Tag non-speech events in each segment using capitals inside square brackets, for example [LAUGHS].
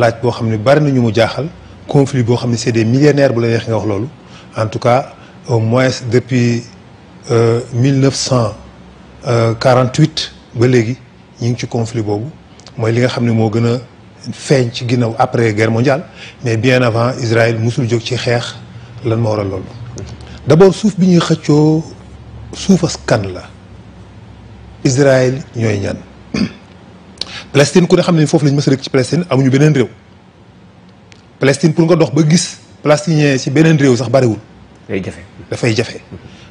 laaj boo xam ne bari na ñu mu jaaxal conflit boo xam ne c'est des millénaires bu la neexee nga wax loolu en tout cas au moins depuis euh, mille neuf cent quarante-huit ba léegi ñu ngi ci conflit boobu mooy li nga xam ne moo gën a feeñ ci ginnaaw après guerre mondiale mais bien avant Israël musul jóg ci xeex lan ma waral loolu d'abord suuf bi ñuy xëccoo suufas kan la Israël ñooy ñan Palestine ku ne xam ne foofu lañ mës a dëkk ci Palestine amuñu beneen réew Palestine pour nga dox ba gis palestinien ci beneen réew sax bariwul. day jafe dafay jafe.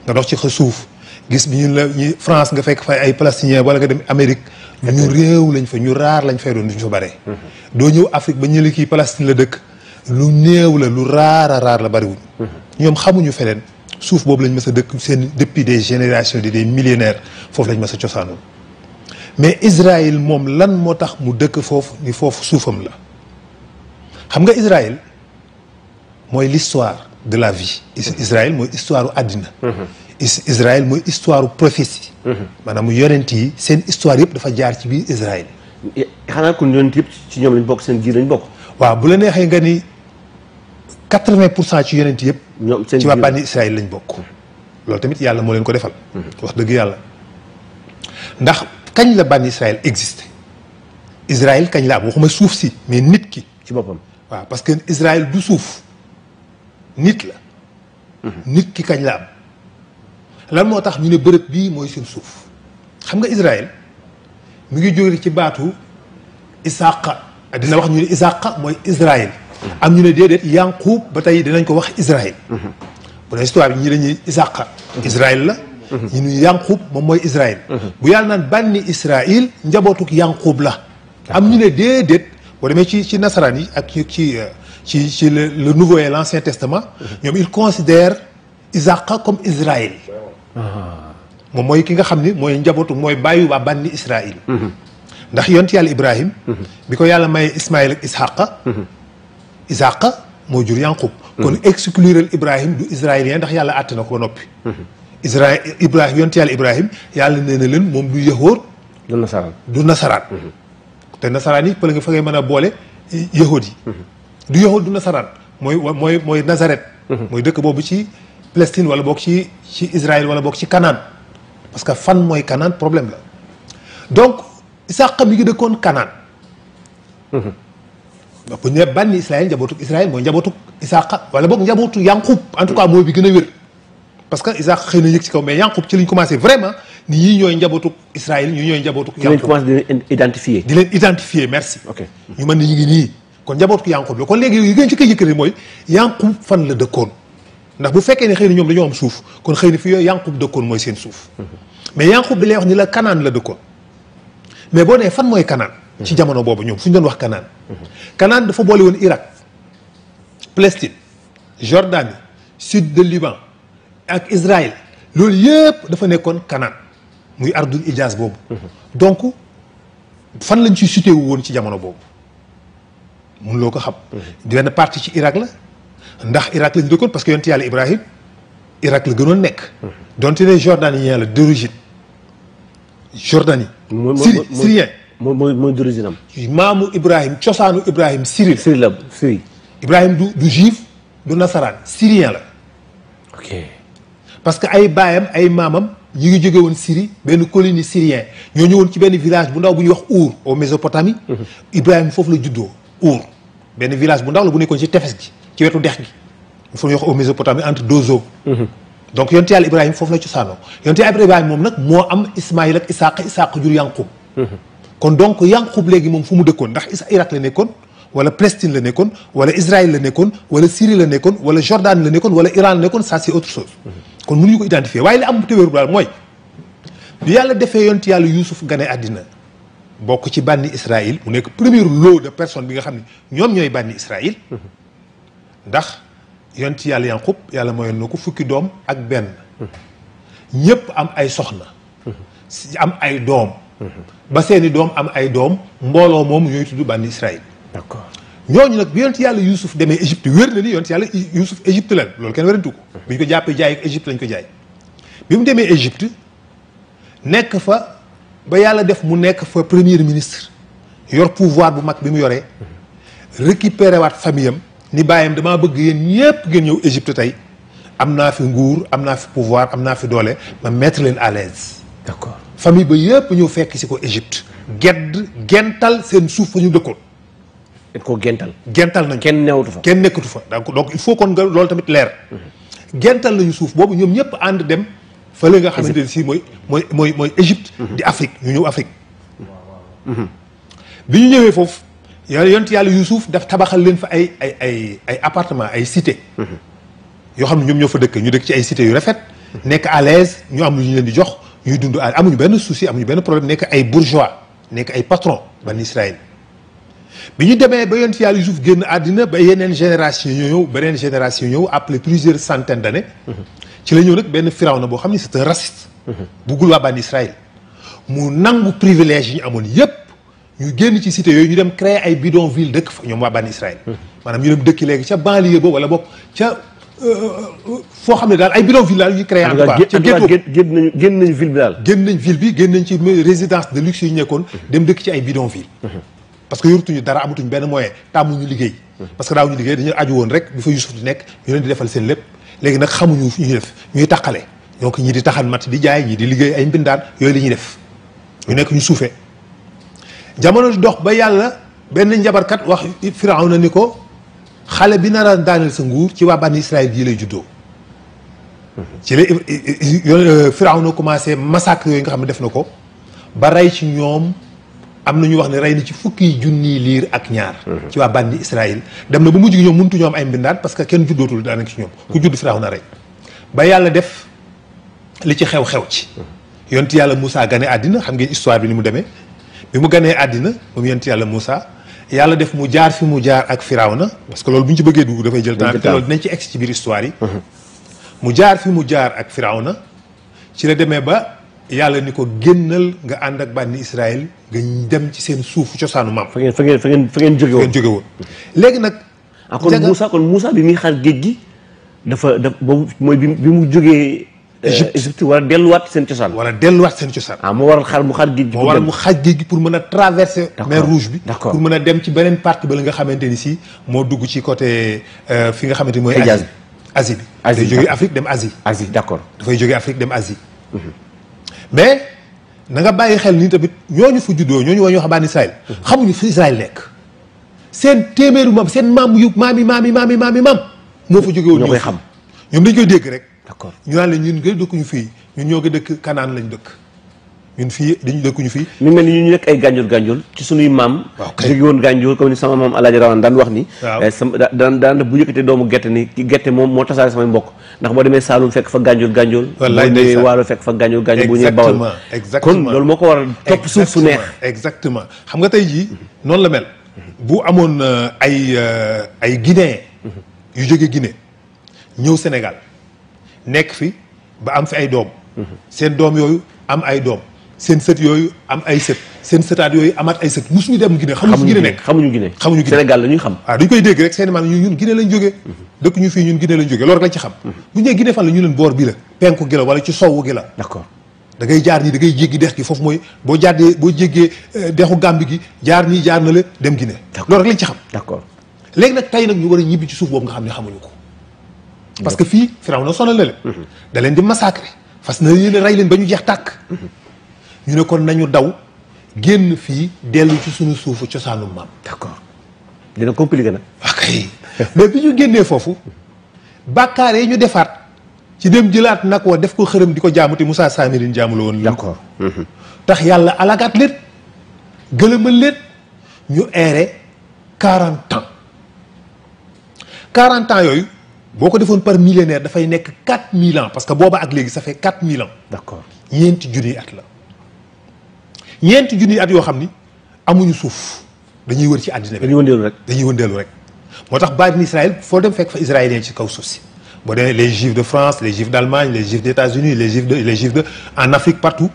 nga dox ci xa suuf gis bi ñu la ñu France nga fekk fay ay palestinien wala nga dem Amérique. ñu réew lañ fa ñu raar lañ fay doon duñ fa bare. Mhm. doo ñëw Afrique ba ñu ne kii Palestine la dëkk lu néew la lu raar raar la bariwul. Mhm. ñoom xamuñu feneen suuf boobu lañ mës a dëkk seen depuis des génération di des millénaires foofu lañ mës a mais Israël moom lan moo tax mu dëkk foofu ni foofu suufam la xam nga Israël mooy l'histoire de la vie mhm. Israël mooy histoire u àddina mhm. Israël mooy histoire u prophétie mhm. maanaam yonent yi seen histoire yëpp dafa jaar ci biir Israël xanaa kon yonent yëpp ci ñoom lañ bokk seen jiir lañ bokk waaw bu la neexee nga ni quatre-vingt pour cent ci yonent yëpp ci waa bànni Israël lañ bokk loolu tamit yàlla moo leen ko defal wax dëgg yàlla ndax kañ la ban Israël existé Israël kañ la am waxuma suuf si mais nit ki. ci boppam waaw parce que Israël du suuf nit la. Mhm. nit ki kañ la am. lan moo tax ñu ne bërëb bii mooy suñ suuf xam nga Israël mu ngi jóge ci baatu Isaaqa dina wax ñu ne Isaaqa mooy Israël. Mhm. am ñu ne déedéet Yanqub ba tey dinañ ko wax Israël. bu mhm. dee histoire bi ñi la ñuy Isaaqa. Israël la. ñu nuy yanqub moom mooy israil bu yàlla naan bànni israil njabootuk yanqub la am ñu ne déedéet boo demee ci ci nasaraan yi ak ci ci ci le nouveau et l'ancien testament ñoom ils considèrent isaqa moom mooy ki nga xam ni mooy njabootu mooy bàyyi waa bànni israil ndax yont yàlla ibrahim bi ko yàlla maye ismaïl ak ishaqa isaqa moo jur yanqub kon exclurel ibrahim du israélien ndax yàlla àtt na ko ba noppi Israa Ibrahim yonent yàlla Ibrahim leen moom du yëxóor du nasaraan du nasaraan te nasaraan yi pël nga fa mën a boole yëxóot yi du yëxóot du nasaraan mooy mooy mooy mooy dëkk boobu ci Palestine wala boog ci ci Israël wala boog ci Kanaan parce que fan mooy Kanaan problème la donc Isaaq mi ngi dëkkoon Kanaan ba ñu nee bànni Israël njabootuk Israël mooy njabootuk Isaaq wala boog njabootu Yanqub en mooy bi gën a wér parce que Isaac xëy na yëg ci kaw mais Yanqub ci lañ commencé vraiment ni ñii ñooy njabootu Israël ñii ñooy njabootu. Yanqub di leen commencé di leen identifier. di leen identifier merci. ok ñu mën ni ñu ngi nii kon njabootu Yanqub la kon léegi ndax bu fekkee ne xëy na ñoom dañoo am suuf kon xëy na fi yooyu Yanqub dëkkoon mooy seen suuf. Mhm. mais Yanqub bi lay wax ni la Kanaan la dëkkoon mais boo nee fan mooy Kanaan. Mhm. ci jamono boobu ñoom suñu doon wax Kanaan. Mhm. Kanaan dafa boole woon Irak Palestine Jordanie sud de Liban ak Israël loolu yëpp dafa nekkoon Canaan muy ardul Ijaas boobu. Mhm. donc fan lañ ci situé wu woon ci jamono boobu mun loo ko xam. di mhm. benn partie ci Irak la ndax Irak lañ dëkkoon parce que yonent yàlla Ibrahim Irak la gënoon nekk. Mhm. donte ne jordanien la d'origine Jordanie. syrien moom mooy mooy d'origine am. maamu Ibrahim cosaanu Ibrahim Syrie. la Syrie. Ibrahim du du juif du nasaraan syrien la. parce que ay baayam ay maamam ñu ngi jóge woon Syrie benn colonie syrien ñoo ñëwoon ci benn village bu ndaw bu ñuy wax Our au Mésopotamie mhm. Ibrahima foofu la juddoo Our benn village bu ndaw la bu nekkoon ci tefes gi ci wetu dex gi foofu ñuy wax au Mésopotamie entre deux eaux mhm. donc yonte yàlla Ibrahima foofu la cosaanoo yonte yàlla Ibrahima moom nag moo am Ismaïl ak Isaaq Isaaq jur Yanqub mhm. kon donc Yanqub léegi moom fu mu dëkkoon ndax Isa la nekkoon wala Palestine la nekkoon wala Israël la nekkoon wala Syrie la nekkoon wala Jordan la nekkoon wala Iran la nekkoon ça kon ñu ko identifier waaye li am te wéeru daal mooy bi yàlla defee yonti yàlla Yuusuf gane àddina bokk ci bànni Israël mu nekk premier lot de personnes bi nga xam ne ñoom ñooy bànni Israël ndax yonti yàlla Yanqub yàlla mayoon na ko fukki doom ak benn ñëpp am ay soxna am ay doom ba seeni doom am ay doom mbooloo moom ñooy tudd bànni Israël ñooñu nag bi ci yàlla Yuusuf demee Égypte wér na ni yonent yàlla Yuusuf Égypte lan loolu kenn wérantu ko bi ñu ko jàppee jaay ak Égypte lañ ko jaay bi mu demee Égypte nekk fa ba yàlla def mu nekk fa premier ministre yor pouvoir bu mag bi mu yoree récupéré waat famille am ni bàyyam damaa bëgg yéen ñëpp ngeen ñëw Égypte tey am naa fi nguur am naa fi pouvoir am naa fi doole ma mettre leen à l'aise d'accord famille ba yëpp ñëw fekk si ko Égypte gedd gental seen suuf fa ñu dëkkoon dañ koo gental gental nañ kenn newatu fa kenn nekkatu fa donc il faut kon nga loolu tamit leer gental nañu suuf boobu ñoom ñëpp ànd dem fële nga xamante ne si mooy mooy mooy mooy Égypte di Afrique ñu ñëw Afrique bi ñu ñëwee foofu yàlla yont yàlla Yuusuf daf tabaxal leen fa ay ay ay ay appartement ay cité yoo xam ne ñoom ñoo fa dëkk ñu dëkk ci ay cité yu rafet nekk à l'aise ñu am ñu leen di jox ñuy dund amuñu benn souci ñu benn problème nekk ay bourgeois nekk ay patron ban Israël bi ñu demee ba yonent yàlla Yuusuf génn àddina ba yeneen génération ñëw beneen génération ñëw après plusieurs centaines d' années ci la ñëw nag benn na boo xam ne c'est un raciste buggul waa bànn Israël mu nangu privilège yi ñu amoon yépp ñu génn ci cité yooyu ñu dem créer ay bidonville dëkk fa ñoom waa bànn Israël maanaam ñu dem dëkki léegi ca banlieue boobu wala bokk ca euh, euh, euh, foo xam ne daal ay bidonville daal ñu créé en tout cas ca ghetto génn nañu génn nañu ville bi nañ ville bi génn nañ ci résidence de luxe yi mhm. dem dëkk ci ay bidonville mhm. parce que yorutuñu dara amatuñ benn moyen tàmmuñu liggéey parce que daawuñu liggéey dañu aju woon rek bi fa Yusuf di nekk ñu leen di defal seen lépp léegi nag xamuñu fu ñuy def ñuy di taxan mat di jaay ñi di liggéey ay mbindaan yooyu la ñuy def ñu nekk ñu suufee jamono di dox ba yàlla benn njabarkat wax Firawna ni ko xale bi nar a daaneel sa nguur ci waa bànn Israël yi lay juddoo ci la euh, euh, euh, Firawna commencé massacre yooyu nga xam ne def na ko ba rey ci ñoom am na ñu wax ne rey na ci fukki junni liir ak ñaar mhm. ci waa bànni Israël dem na ba mujj gi ñoom mënutu ñoom ay mbindaat parce que kenn juddootul daanaka ci ñoom ku judd firaaw na rey ba yàlla def li ci xew-xew ci yont yàlla Moussa gane àddina xam ngeen histoire bi ni mu demee bi mu ganee àddina moom yont yàlla Moussa yàlla def mu jaar fi mu jaar ak firaaw na parce que loolu bu ñu ci bëggee dugg dafay jël temps bi te loolu dinañ ci egg ci biir histoire yi mhm. mu jaar fi mu jaar ak firaaw na ci ba yàlla ni ko génnal nga ànd ak bànni Israël nga dem ci seen suuf cosaanu maam. fa ngeen fa ngeen fa ngeen fa ngeen jóge woon jóge woon. léegi nag. ah kon Moussa kon Moussa bi muy xar géej gi dafa daf boobu mooy bi mu jógee. Euh, Égypte war delluwaat seen cosaan. war delluwaat seen cosaan. ah moo waral xaar mu xaar géej gi. moo mu xaar géej gi pour mën a traverser. mer rouge bi pour mën a dem ci beneen partie ba la nga xamante ni si moo dugg ci côté euh, fi nga xamante ni mooy. Asie asi bi. Asie dafay jógee Afrique dem Asie. d' accord dafay jóge Afrique dem Asie. Mhm. mais na nga bàyyi xel nii tamit ñooñu fu juddoo ñooñu wa ñoo xam bani Israël xamuñu fu Israël nekk seen téeméeru maam seen maam yu maam yi maam yi maam yi maam yi maam moo fa jóge woon ñoo koy xam ñoom dañ koy dégg rek d'accord ñu naan la ñun ngay dëkkuñu fii ñu ñoo ko dëkk Kanaan lañ dëkk ñun fii dañu dëkkuñu fii mi mel ni ñu nekk ay gànjol gànjol ci suñuy maam jóge woon gànjol comme ni sama maam alaaji rawan daan wax ni eh, sama daan daan bu yëkkatee doomu gerte ni gerte moom moo tasaare samay mbokk ndax boo demee Saalum fekk fa gànjol gànjol boo demee Waalo fekk fa gànjol gànjol bu ñëwee Bawol kon loolu moo ko waral topp suuf su neex exactement xam nga tey jii noonu la mel bu amoon euh, ay euh, ay Guinéen yu jóge Guinée ñëw Sénégal nekk fi ba am fi ay doom mhm. seen doom yooyu am ay doom seen sët yooyu am ay sët seen sëtaat yooyu amaat ay sët ñu dem Guinée xamuñu Guinée xamuñu Guinée xamuñu Guinée Sénégal la ñuy xam waaw ah, dañu dëkk ñu fii ñun Guinée lañ jógee loolu rek lañ ci xam mhm. bu ñu nee Guinée fan la ñu leen boor bi la penku gi la wala ci sowwu gi la d'accord da ngay jaar nii da ngay jéggi dex gi foofu mooy boo jaadee boo jéggee euh, dexu Gàmbi gi jaar nii jaar na dem Guinée loolu rek lañ ci xam d'accord léegi nag tey nag ñu war a ñibbi ci suuf boobu nga xam ne xamuñu ko parce que fii Firawna sonal na leen mhm. da leen di massacrer fas na yéen rey leen ba ñu jeex tàkk mhm. ñu ne kon nañu daw génn fii dellu ci suñu suufu cosaanu maam. d'accord dina compliqué na. ok ah, mais bi ñu génnee foofu bàkkaar yi ñu defaat ci dem jëlaat nag wa def ko xërëm di ko jaamu te Moussa Samirin jaamu la woon. d'accord mhm. tax yàlla alagaat léet gëlëmal léet ñu eere quarante ans quarante ans yooyu boo ko defoon par millénaire dafay nekk quatre mille parce que booba ak léegi ça fait quatre mille ans. d'accord ñeenti junni at la. ñeenti junni at yoo xam ni amuñu suuf dañuy wër ci àddina bi dañuy wëndeelu rek moo tax baatin Israël foo dem fekk fa israélien ci kaw suuf si boo demee les juifs de France les juifs d'Allemagne les juifs d'États-Unis les juifs de les juifs de en Afrique partout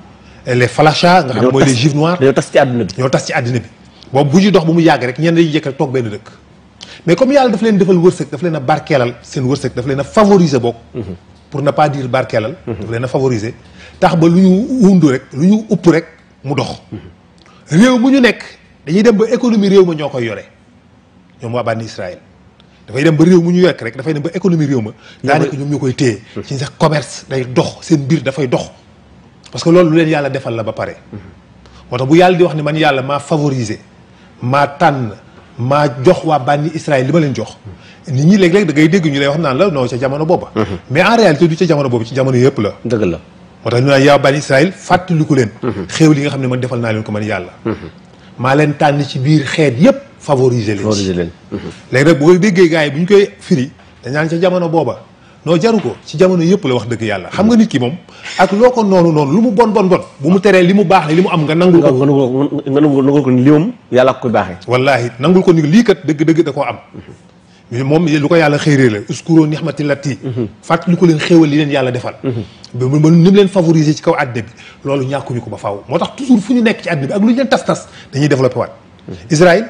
les falachas nga xam mooy les juifs noirs ñoo tas ci àddina bi ñoo tas ci àddina bi boobu bu ñu dox bu mu yàgg rek ñenn dañuy jëkk rek toog benn dëkk mais comme yàlla daf leen defal wërsëg daf leen a barkeelal seen wërsëg daf leen a favoriser bokk mhm. pour ne pas dire barkeelal mhm. daf leen tax ba lu ñu wundu rek lu ñu upp rek mu dox réew mu ñu nekk dañuy dem ba économie réew ma ñoo koy yore ñoom waa bànn Israël dafay dem ba réew mu ñu yekk rek dafay dem ba économie réew ma daanaka ñoom ñoo koy téye hmm. ci sax commerce day dox seen mbir dafay dox parce que loolu leen yàlla defal la ba pare hmm. moo bu yàlla di wax ne man yàlla maa favoriser maa tànn maa jox waa bànni Israël li ma leen jox hmm. nit ñi léeg-léeg da ngay dégg ñu lay wax naan la non ca jamono booba mais en réalité du boobu ci jamono yëpp la dëgg la moo tax ñu naan yaa bani Israël fàttaliku leen mhm. xéew li nga xam ne man defal naa leen ko man yàlla mhm. maa leen tànn ci biir xeet yépp favoriser leen favoriser leen rek mhm. nag ko déggee gaa yi bu ñu koy firi dañ naan ca jamono booba noo jaru ko ci jamono yëpp la wax dëgg yàlla xam nga nit ki moom ak loo ko noonu noonu lu mu bon bon bon bu mu teree li mu baax ne li mu am nga nangul ko nga nangul ko ni li moom yàlla ko koy baaxee wallaahi nangul ko ni lii kat dëgg dëgg da koo am mais moom lu ko yàlla xëyrée la uskuro nixmati latti mhm. fàttali ko leen xéewal li leen yàlla defal ba mhm. mu ni leen favoriser ci kaw àddina bi loolu ñàkkuñu ko ba faaw moo tax toujours fu ñu nekk ci àddina bi ak lu ñu leen tas-tas dañuy développé waat mhm. Israël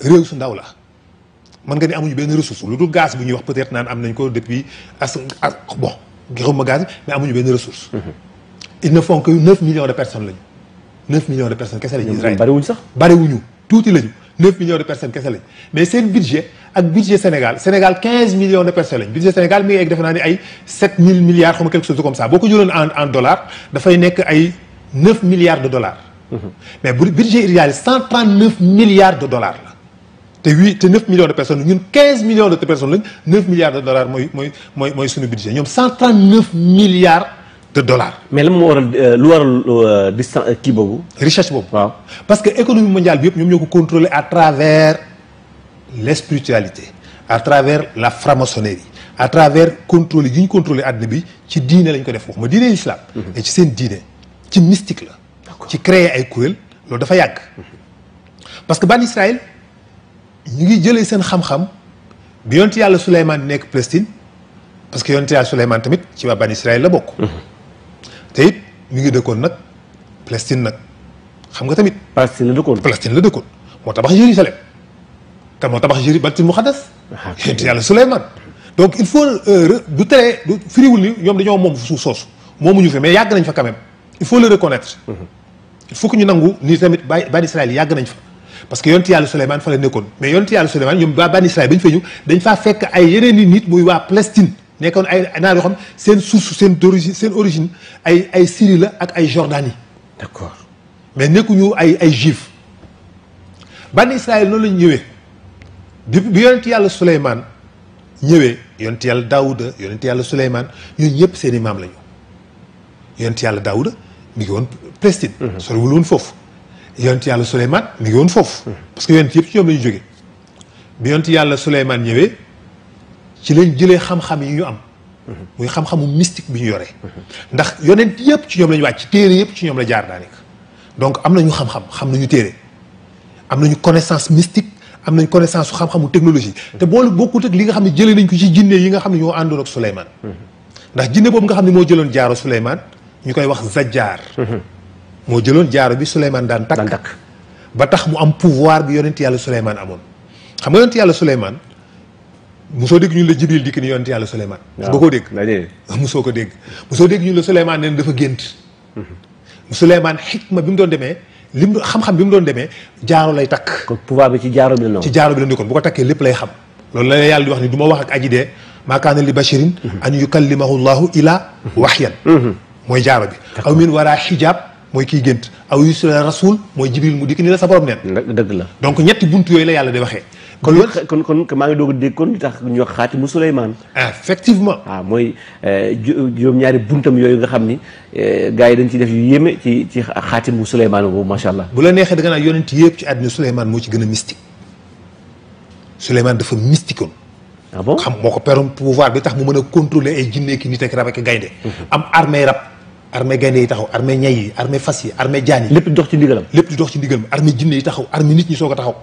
réew su ndaw la man nga ne amuñu benn ressource lu dul gaz bu ñuy wax peut-être naan am nañ ko depuis as as bon xawma gaz mais amuñu benn ressource ils ne font que neuf millions de personnes lañu neuf millions de personnes kese lañu Israël bariwuñu sax bariwuñu tuuti lañu 9 millions de personnes kese lañ mais seen budget ak budget Sénégal Sénégal 15 millions de personnes lañ budget Sénégal mi ngi egg defe naa ne ay 7000 milliards xam quelque chose comme ça boo ko jëloon en en dollars dafay nekk ay 9 milliards de dollars. Mhm. mais bu budget idéal milliards de dollars la. te huit te neuf millions de personnes lañ neuf milliards de dollars mooy mooy mooy mooy ñoom de dollars. mais lan moo waral euh, lu waral euh, distance euh, kii boobu. richesse boobu waaw. parce que économie mondiale bi yëpp ñoom ñoo ko contrôler à travers les spiritualités à travers la franc-maçonnerie à travers contrôle yi ñu contrôler àddina bi ci diine lañ ko def wax ma diine islam. Mhm. et ci seen diine ci mystique la. ci créer ay kuréel loolu dafa yàgg. parce que ban Israël ñu ngi jëlee seen xam-xam bi yonent yàlla Souleymane nekk Palestine parce que yonent yàlla Souleymane tamit ci waa ban la bokk. Mhm. mi ngi dëkkoon nag Palestine nag xam nga tamit. Palestine la dëkkoon Palestine la dëkkoon moo tabax Jérusalem te moo tabax Jérusalem Baytul Muqaddas. Ah, yonent yàlla Suleymaan donc il faut euh, du tere du firiwul ni ñoom dañoo moom suuf soosu moomuñu fi mais yàgg nañ fa quand il faut le reconnaître. Mhm. il ñu nangu ni tamit bàyyi bàyyi Israël yàgg nañ fa. parce que yonent yàlla Suleymaan fa la nekkoon mais yonent yàlla Suleymaan ñoom waa bànni Israël ba ñu dañ faa fekk ay yeneen i nit muy waa nekkoon ay naar yoo xam seen source seen d'origine seen origine ay ay Syrie la ak ay Jordanie d'accord mais nekkuñu ay ay juif ban Israël noonu lañu ñëwee bi bi yonent yàlla Souleymane ñëwee yonent yàlla Daouda yonent yàlla Souleymane ñooñu ñëpp seen i lañu yonent yàlla Daouda mi ngi woon Palestine. Mhm. soriwul woon foofu. yonent yàlla Souleymane mi ngi woon foofu. Mhm. parce que yonent yëpp ci ñoom la ñu bi yonent yàlla Souleymane ñëwee. ci lañ jëlee xam-xam yi ñu am muy xam-xamu mystique bi ñu yore ndax yonent yëpp ci ñoom lañu ñu wàcc téere yëpp ci ñoom la jaar daanaka donc am nañu xam-xam xam ñu téere am nañu connaissance mystique am nañ connaissance su xam-xamu technologie te boolu bokkut ak li nga xam ne jëlee nañ ko ci jinne yi nga xam ne ñoo àndoon ak Souleymane ndax jinne boobu nga xam ne moo jëloon jaaro Souleymane ñu koy wax zajjaar moo jëloon jaaro bi Souleymane daan takk ba tax mu am pouvoir bi yonent yàlla Souleymane amoon xam nga yonent yàlla Souleymane musoo dégg ñun la jibril dikk ni yonent yàlla Souleymane. waaw nga koo dégg. musoo ko dégg ah, musoo dégg ñun la Souleymane nee na dafa gént. Mhm. Souleymane xikma bi mu doon demee lim xam-xam bi mu doon demee jaaro lay takk. kon bi ci jaaro bi la ci jaaro bi la nekkoon bu ko takkee lépp lay xam. loolu la yàlla di wax ni du ma wax ak aji dee maa kaana li basharin mhm. an yukallimahu llahu ila mhm. waxyan mooy jaaro bi aw min wara xijaab mooy kii gént aw yusra rasul mooy jibril mu dikk ni la sa borom neen dëgg la donc ñetti buntu yooyu la yàlla di waxee kon loolu kon kon maa ngi doog a dégg kon li tax ñu wax xaatimu Souleymane. effectivement. waaw ah, mooy eh, juróom-ñaari buntam yooyu nga xam ni eh, gars yi dañ ci def yu yéeme ci ci xaatimu Souleymane boobu macha allah. bu la neexee da nga naan yonent ci àddina Souleymane moo ci gën a mystique Souleymane dafa mystique woon. ah bon xam moo ko peroon pouvoir bi tax mu mën a contrôler ay jinne ki nit ak rab ak gaynde mhm. am armée rab armée gaynde yi taxaw armée ñay yi armée fas yi armée jaan yi lépp di dox ci ndigalam lépp di dox ci ndigalam armée jinne yi taxaw armée nit ñi soog a taxaw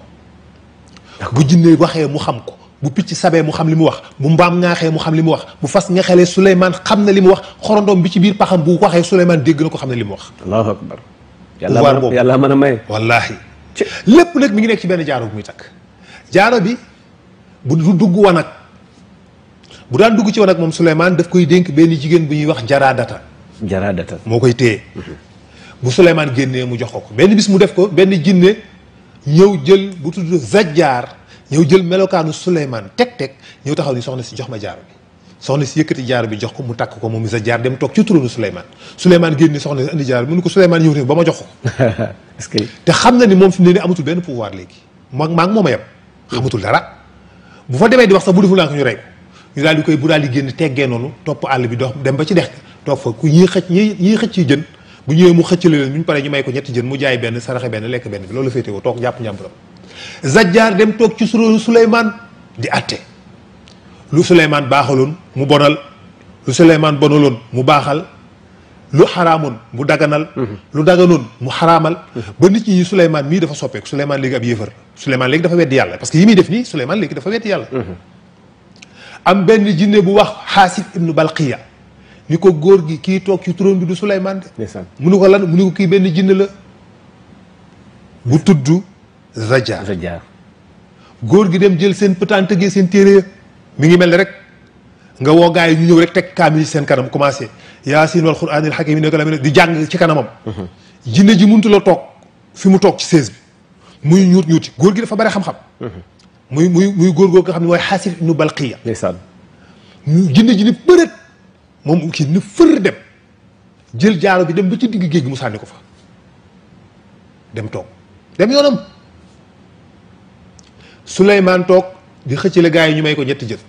ndax bu jinne waxee mu xam ko bu picc sabee mu xam li mu wax bu mbaam ŋaaxee mu xam li mu wax bu fas ŋaxalee Souleymane xam na li mu wax xorondoom bi ci biir paxam bu waxee Souleymane dégg na ko xam na li mu wax. allahu akbar. yàlla mën yàlla mën a may. wallaahi. lépp nag mu ngi nekk ci benn jaaro bu muy takk. jaaro bi bu du dugg wanag bu daan dugg ci wanag moom Souleymane daf koy dénk benn jigéen bu ñuy wax jaraadata. jaraadata moo koy téye. Mhm. bu Souleymane génnee mu jox ko ko benn bis mu def ko benn jinne ñëw jël bu tudd zajjaar ñëw jël melokaanu Souleymane teg teg ñëw taxaw ni soxna si jox ma jaaro bi soxna si yëkkati jaaro bi jox ko mu takk ko moom zajjaar dem toog ci turonu Souleymane Souleymane génn ni soxna si andi jaaro bi mu ko Souleymane ñëw ba ma jox ko. [LAUGHS] te xam na ni moom fi mu ne nii amatul benn pouvoir léegi maa maa ngi moom a yem xamatul dara bu fa demee di wax sax bu deful naa ko ñu rey ko ñu daal di koy bu daal di génn teggee noonu topp àll bi dox dem ba ci dex toog fa ku ñii xëcc ñii ñii xëcc jën bu ñëwee mu xëccale leen bu ñu paree ñu may ko ñetti jën mu jaay benn saraxe benn lekk benn bi loolu féete ko toog jàpp njàmburam zajjaar dem toog ci suróolu Suleymaan di atte lu Suleymaan baaxaloon mu bonal lu Suleymaan bonaloon mu baaxal lu xaraamoon mu daganal mhm. lu daganoon mu xaraamal mhm. ba nit ñi Suleymaan mii dafa soppeeku Suleymaan léegi ab yéefar Suleymaan léegi dafa weddi yàlla parce que yi muy def nii Suleymaan léegi dafa weddi yàlla mhm. am benn jinne bu wax Xaasid ibnu Balqiya ni ko góor gi kii toog ci turam bi du Souleymane de mu ni ko lan mu ni ko kii benn jinn la bu tudd Zajaar góor gi dem jël seen pëtaan tëggee seen téere mu ngi mel ni rek nga woo gaa yi ñu ñëw rek teg kaamil ci seen kanam commencé yaasin wal quraanil hakiim ne ko la di jàng ci kanamam mhm. jinne ji mënut la toog fi mu toog ci sées bi muy ñuut ñuuti góor gi dafa bari xam-xam mhm. muy muy muy góor góor nga xam ne mooy xaasif ibnu balqiya ndeysaan jinne ji ni moom kii na fër dem jël jaaro bi dem ba ci digg géej gi mu sànni ko fa dem toog dem yoonam Souleymane toog di xëccale gaa yi ñu may ko ñetti jël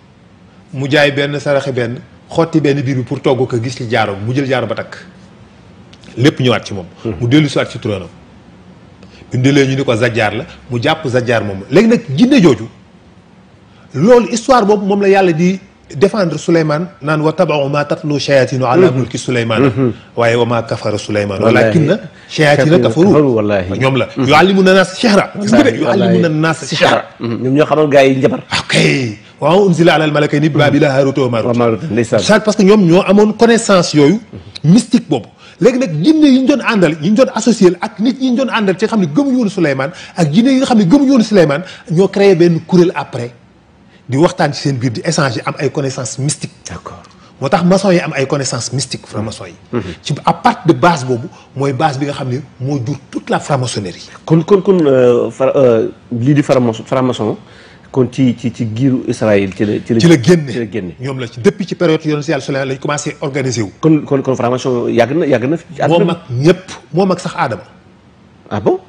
mu jaay benn saraxe benn xotti benn biir bi pour togg ko gis ci jaaro mu jël jaaro ba takk lépp ñëwaat ci moom hmm. mu dellu siwaat ci turanam leen ñu ni ko zajaar la mu jàpp zajaar moom léegi nag jinne jooju loolu histoire boobu moom la yàlla di defendre Souleymane naan wa tabaxu maa tatlu shayaatinu ala mm-hmm. mulki mm-hmm. waaye wa maa kafara Souleymane walaakinna shayaatina kafaru wallaahi ñoom la mm-hmm. yuallimuna naas sihra gis nga de yuallimuna naas sihra ñoom ñoo xamoon gars yi njabar ok waaw unzila ala al-malakayni baabila haaruuta wa maaruut parce que ñoom ñoo amoon connaissance yooyu mystique boobu léegi nag jinne yi ñu doon àndal yi ñu doon ak nit ñi ñu doon àndal ci xam ne gëmuñu yi nga xam ne gëmuñu woon Souleymane ñoo créé après di waxtaan ci seen biir di échanger am ay connaissances mystiques. d'accord moo tax maçon yi am ay connaissances mystiques franc-maçon yi. Mm-hmm. ci à part de base boobu mooy base bi nga xam ne moo jur toute la franc-maçonnerie. kon kon kon euh, euh, lii di franc-maçon kon ci ci ci giiru Israël ci ci la ci la génne ci la génne ñoom la ci depuis ci période yoonu si yàlla Souleymane lañ commencé organiser wu. kon kon kon franc-maçon yàgg na yàgg na. moo mag ñëpp moo ak sax aadama. ah bon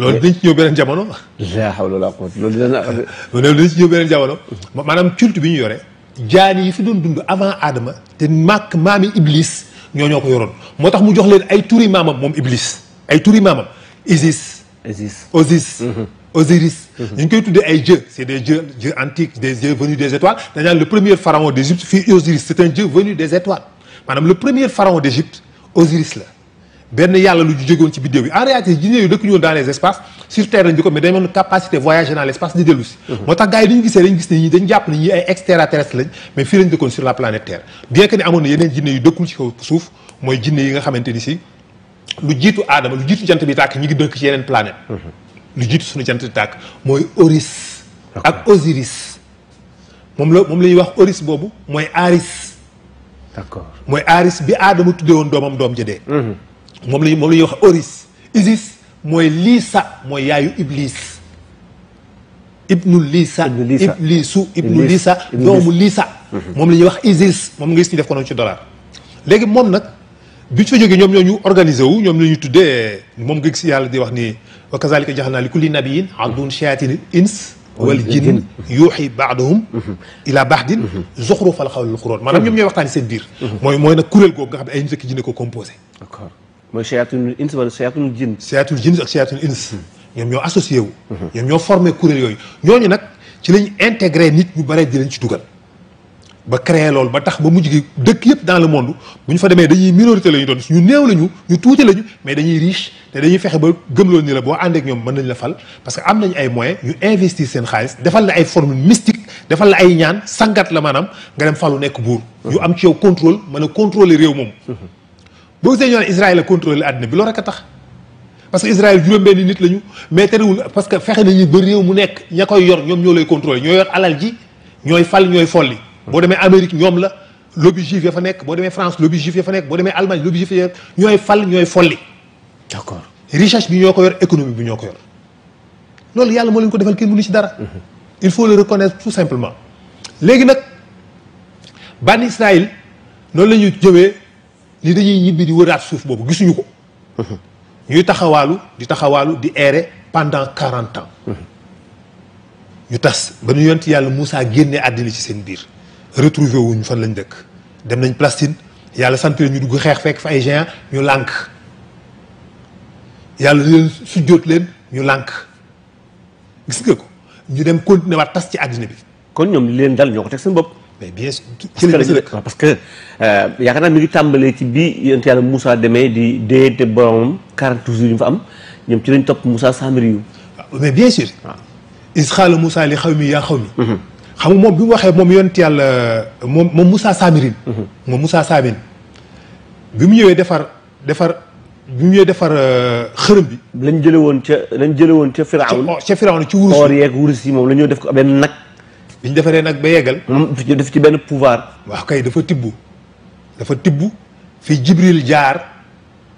loolu dinañ ci ñëw beneen jamono. la hawla wala quwwata loolu dinañ loolu dinañ bi ñu yore jaan yi fi doon dund avant Adama te màkk maami Iblis ñoo ñoo ko yoroon moo tax mu jox leen ay turi maamam moom Iblis ay turi maamam Isis. Isis Osis. Osiris. Mhm. Mhm. ñu ngi koy tuddee ay dieux c' est des dieux dieux antiques des dieux des étoiles dañu naan le premier pharaon d' Égypte fii Osiris c' est un dieu venu des étoiles maanaam le premier pharaon d' Osiris la. benn yàlla lu jógoon ci biddew bi en réalité jinne yooyu dëkk ñu woon dans les espaces sur terre lañ ko mais dañu amoon capacité voyager dans l' espace di dellu mhm. moo tax gars yi dañu gisee dañu gis ne ñi dañ jàpp ne ñi ay extraterrestre lañ mais fii lañ dëkkoon sur la planète terre bien que ne amoon na yeneen jinne yu dëkkul ci kaw suuf mooy jinne yi nga xamante ni si lu jiitu aadama lu jiitu jant bi tàkk ñi ngi dëkk ci yeneen planète mhm. lu jiitu suñu jant tàkk mooy Oris ak Osiris moom la moom la ñuy wax Oris boobu mooy Aris accord mooy Aris bi aadama tuddee woon doomam doom jëdee mhm. moom la moom la wax Oris Isis mooy Liisa mooy yaayu Iblis. ibnu Liisa Iblisu ibnu Liisa doomu Liisa mhm. moom la ñuy wax Isis moom nga gis ñu def ko noonu ci dollar. léegi moom nag bi ci fa jógee ñoom ñoo ñu organisé wu ñoom la ñu tuddee moom nga gis yàlla di wax ni wa kazalika jaxalnaa li kulli nabiyin abdun shayatin ins wal jinn yuuxi baaduhum mhm. ila baadin mhm. zuxru fal xawlul xuróon maanaam ñoom ñooy waxtaani seen biir mooy mooy nag kuréel goog nga xam ne ay nit ak ko composé mooy sayaatunul ins wala sayaatunul jinn. sayaatunul jinn ak ñoo associé wu. Mhm. ñoom formé kuréel yooyu ñooñu nag ci lañ intégré nit ñu baree di lañ ci dugal. ba créé loolu ba tax ba mujj gi dëkk yëpp dans le monde bu ñu fa demee dañuy minorité la ñu doon ñu néew lañu ñu tuuti lañu mais dañuy riche te dañuy fexe ba gëm gëmloo ni la boo àndeek ñoom mën nañ la fal parce que am nañ ay moyens ñu investi seen xaalis defal na ay forme mystique defal na ay ñaan sangat la maanaam nga dem falu nekk buur. Mhm. ñu am ci yow contrôle mën a contrôler réew moom. Mhm. boo gisee ñoo ne Israël a contrôlé àddina bi loolu rek a tax parce que Israël juróom-benni nit lañu mais terewul parce que fexe nañu bëri réew mu nekk ña koy yor ñoom ñoo lay contrôlé ñoo yor alal ji ñooy fal ñooy folli. boo demee Amérique ñoom la lobby juif ya fa nekk boo demee France lobby juif ya fa nekk boo demee Allemagne lobby juif ya ñooy fal ñooy folli. d'accord richesse bi ñoo ko yor économie bi ñoo ko yor loolu yàlla moo leen ko defal kenn mënu ci dara. Mhm. il faut le reconnaître tout simplement. léegi nag ban Israël noonu la ñu jëwee ni dañuy ñibbi di wëraat suuf boobu gisuñu ko. ñuy taxawaalu di taxawaalu di errer pendant quarante ans. ñu tas ba ñu yonti yàlla musaa génne àddina ci seen biir. retrouvé wuñ fan lañ dëkk dem nañ Palestine yàlla sant leen ñu dugg xeex fekk fa ay géant ñu lànk yàlla leen sujjóot leen ñu lànk gis nga ko ñu dem continuer waat tas ci àddina bi. kon ñoom li leen dal ñoo ko teg seen bopp. mais bien ci la parce que euh, yaakaar naa mi ngi tàmbalee ci bi yonent yàlla demee di déyante boromam 40 jours yi mu fa am ñoom ci lañ topp Moussa Samiri yu waaw ah, mais bien sûr ah. isxaala Moussa li xaw mi xaw mi mhm. xam nga moom bi mu waxee moom yonent yàlla moom moom Moussa Samirin mhm. moom Moussa Samin bi mu ñëwee defar defar bi mu ñëwee defar euh, xërëm bi lañ jële woon ca lañ jële woon ca Firawn ca Firawn ci wurus yi moom la ñoo def ko benn nag bi ñu defaree nag ba yeggal. moom def ci benn pouvoir. waaw kay dafa tibb dafa tibb fi Jibril jaar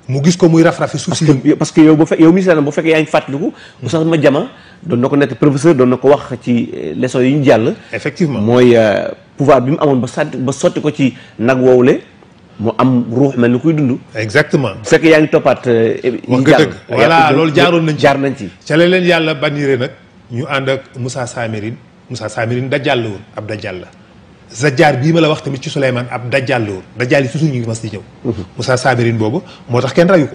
mu gis ko muy raf suuf si. parce que yow bu fekk yow ministère bu fekkee yaa ngi hmm. sax ma Madiama doon na ko nekk professeur doon na ko wax ci euh, leçon yi ñu jàll. effectivement mooy euh, pouvoir bi mu amoon ba sant ba sotti ko ci nag woowule mu am ruux mel ni kuy dund. exactement bu fekkee yaa ngi toppaat. Euh, wax nga dëgg loolu jaaroon nañ ci jaar nañ ci. ca la leen yàlla banniree nag ñu ànd ak Moussa Samirine. Moussa Samirin dajjal la woon ab dajjal la Zajjaar ma la wax tamit ci Souleymane ab dajjal la woon dajjal yi toujours ñu ngi mas di ñëw mhm. Moussa Samirin kenn rayu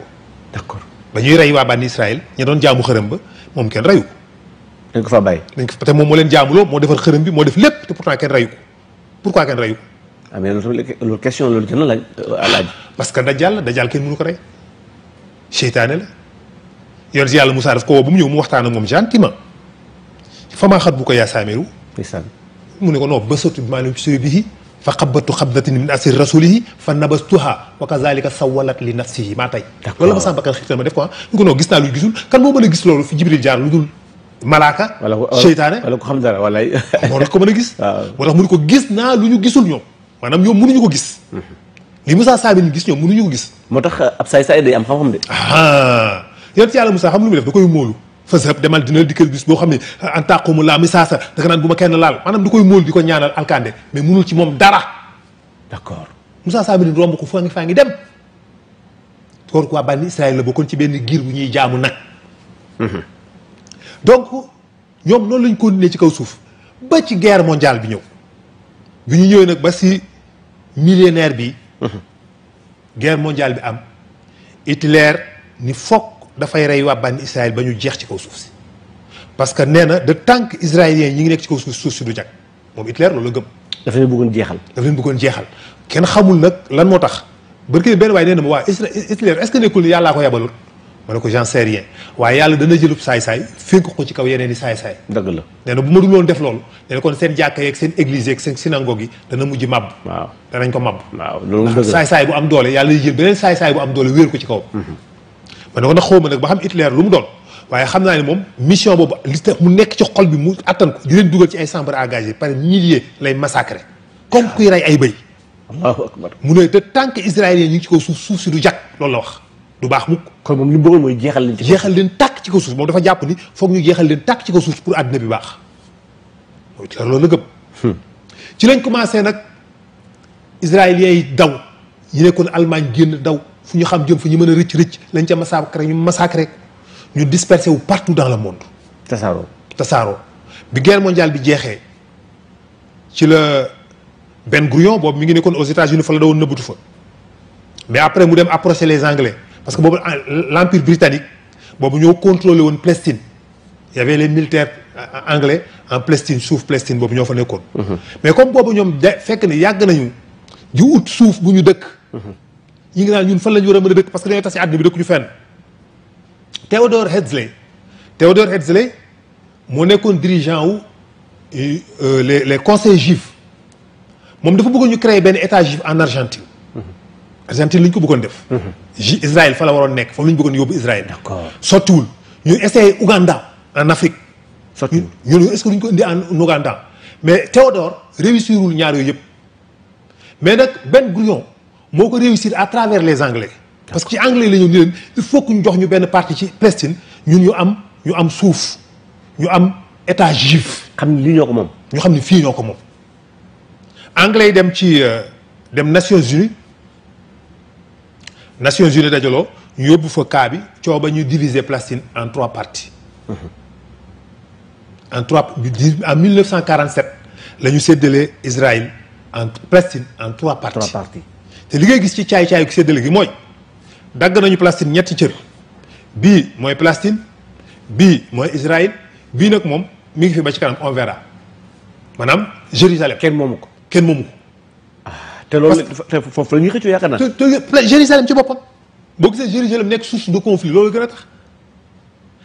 ko ba ñuy rey waa bànn Israël ña doon jaamu xërëm ba moom kenn moo bi moo def lépp te pourtant kenn ah, a laaj euh, laaj parce que dajjal ko rey seytaane la yoon si yàlla Moussa daf ko woo bu mu ñëw mu waxtaan ak moom gentiment famaa xat bu ko yaa saamiru mu ne ko non basatu bi maa lim suy bihi fa xabatu xabdatin min asir rasulihi fa nabastuha wa kazalika sawalat li nafsihi maa tey loolu la ma sàmbakan xiital ma def ko ah ñu ko non gis naa lu gisul kan a gis loolu fi jibril jaar lu dul malaaka seytaane wala ko xam dara wala [LAUGHS] moo tax a gis moo tax mu ne ko gis naa lu ñu gisul ñoom maanaam ñoom mënuñu ko gis mhm. li Moussa Saamil gis ñoom mënuñu ko gis moo tax ab saay saay day am xam-xam de ah. yonent yàlla Moussa xam lu mu def da koy móolu fasab demal dina dikkal bis boo xam ne en taqomu laa mi saasa da nga naan bu ma kenn laal maanaam du koy móol di ko ñaanal alkande mais munul ci moom dara d'accord Moussa Samiri romb ko foo ngi faa ngi dem koor quoi bànni Israël la bokkoon ci benn giir bu ñuy jaamu nag mhm. donc ñoom noonu lañ continuer ci kaw suuf ba ci guerre mondiale bi ñëw bi ñu ñëwee nag ba si millénaire bi mhm. guerre mondiale bi am Hitler ni fokk dafay rey waa bànni Israël ba ñu jeex ci kaw suuf si parce que nee na de tant que israéliens ñi ngi nekk ci kaw suuf suuf si du jag moom Hitler loolu gëm. dafa leen bëggoon jeexal. dafa leen bëggoon jeexal kenn xamul nag lan moo tax barke benn waaye nee ma waa Isra Hitler est nekkul ni yàllaa ko yabaloon ma ne ko j'en sais waaye yàlla dana jëlub saay-saay fénk ko ci kaw yeneen i saay-saay. dëgg la nee na bu ma dul def loolu nee kon seen jàkka yeeg seen église yeeg dana mujj màbb. ko màbb. waaw loolu doole yàlla jël beneen saay-saay bu am doole kaw mhm. ma ne ko nag xaw ma nag ba xam Hitler lu mu doon waaye xam naa ne moom mission boobu li mu nekk ci xol bi mu attan ko di leen dugal ci ay chambre à gaz par milliers lay massacré comme ah. kuy rey ay bëy allahu akbar mu ne te tànk que israélien ñu ngi ci kaw suuf suuf si du jàkk loolu la wax du baax mukk kon moom li mu bëggoon mooy jeexal leen ci jeexal leen tàkk ci kaw suuf moom dafa jàpp ni foog ñu jeexal leen tàkk ci kaw suuf pour àddina bi baax mooy loolu la gëm hmm. ci lañ commencé nag israéliens yi daw ñi nekkoon Allemagne génn daw fu ñu xam jëm fu ñu mën a rëcc rëcc lañ ca massacré ñu massacré ñu dispersé wu partout dans le monde. tasaaroo tasaaroo bi guerre mondiale bi jeexee ci la Ben Gurion boobu mi ngi nekkoon aux États-Unis fa la doon nëbbatu fa mais après mu dem approché les anglais parce que boobu l'empire britannique boobu ñoo contrôlé woon Palestine y avait les militaires euh, anglais en Palestine suuf Palestine boobu ñoo fa nekkoon. Mhm. mais comme boobu ñoom de fekk ne yàgg nañu ji ut suuf bu ñu dëkk. Mhm. yi ngi naan ñun fan la war a mën a dëkk parce que dañoo tas si àdduna bi dëkkuñu fenn Theodore Herzl Theodore Herzl moo nekkoon dirigeant wu euh, les les conseils moom dafa bëggoon ñu créer benn état juif en Argentine. Mhm. Argentine li ñu ko bëggoon def. Mhm. ji Israël fa la waroon nekk fa la ñu bëggoon yóbbu Israël. d'accord sottiwul ñu essayé Ouganda en Afrique. sottiwul ñu ñu est-ce que duñ ko indi en Ouganda mais Théodore réussirul ñaar yooyu yëpp mais nag Ben Gourion. moo ko réussir à travers les anglais parce que ci anglais la ñu ni leen il faut que ñu jox ñu benn parti ci Palestine ñun ñu am ñu am suuf ñu am état juif xam ne lii ñoo ko moom ñu xam ne fii ñoo ko moom anglais yi dem ci euh, dem Nations Unies Nations Unies dajaloo ñu yóbbu fa cas bi coow ba ñu diviser Palestine en trois parties mhm. en trois en 1947 la ñu séddalee Israël en Palestine en trois parties. trois te li ngay gis ci caay-caay ku séddale gi mooy dagg nañu Palestine ñetti cër bii mooy Palestine bii mooy Israël bii nag moom mi ngi fi ba ci kanam on verra maanaam Jérusalem. kenn moomu ko kenn moomu ko. Ah, te loolu foofu la ñuy xëccoo yaakaar naa. te Jérusalem ci boppam boo gisee Jérusalem nekk source de conflit loolu gën a tax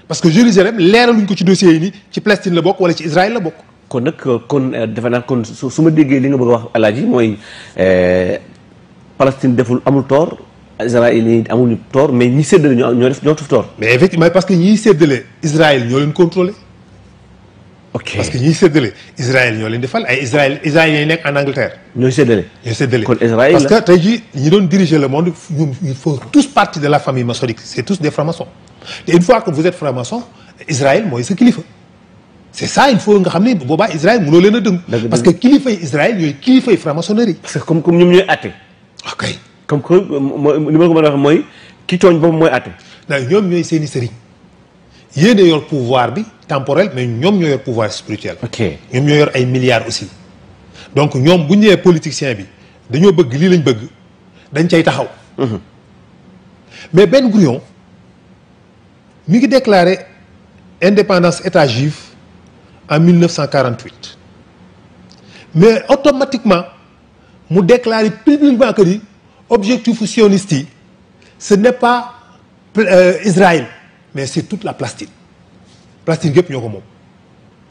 parce que Jérusalem leeraluñ ko ci dossier yi nii ci Palestine la bokk wala ci Israël la bokk. kon nag kon eh, defe naa kon su ma déggee li nga bëgg a wax alaaji mooy eh, Palestine deful amul tort Israël yi amuñu tort mais ñi séddale ñoo ñoo def ñoo def tort. parce que ñiy di fal ay Israël ñi doon diriger le monde ñoom ils tous partie de la famille maçonnique c'est tous des francs-maçons te maçon Israël mooy sa kilifa. c'est ça il faut nga xam ne boobaa Israël mënoo leen a dëng. parce que kilifay Israël ñooy kilifay franc-maçonnerie. parce que comme comme ñoom ñooy àtte. ok comme que euh, li ma ko mën a wax mooy ki tooñ boobu mooy àtte. ndax ñoom ñooy seen sëriñ yéen a yor pouvoir bi temporel mais ñoom ñooy yor pouvoir spirituel. ok ñoom ñoo yor ay milliards aussi. donc ñoom bu ñu nee politicien bi dañoo bëgg lii lañ bëgg dañ cay taxaw. Mhm. mais benn Gourion mi ngi déclaré indépendance état juif en 1948 mais automatiquement. mu déclarer publiquement que ni objectif sioniste yi ce n'est pas euh, Israël mais c'est tout la Palestine Palestine yëpp ñoo ko moom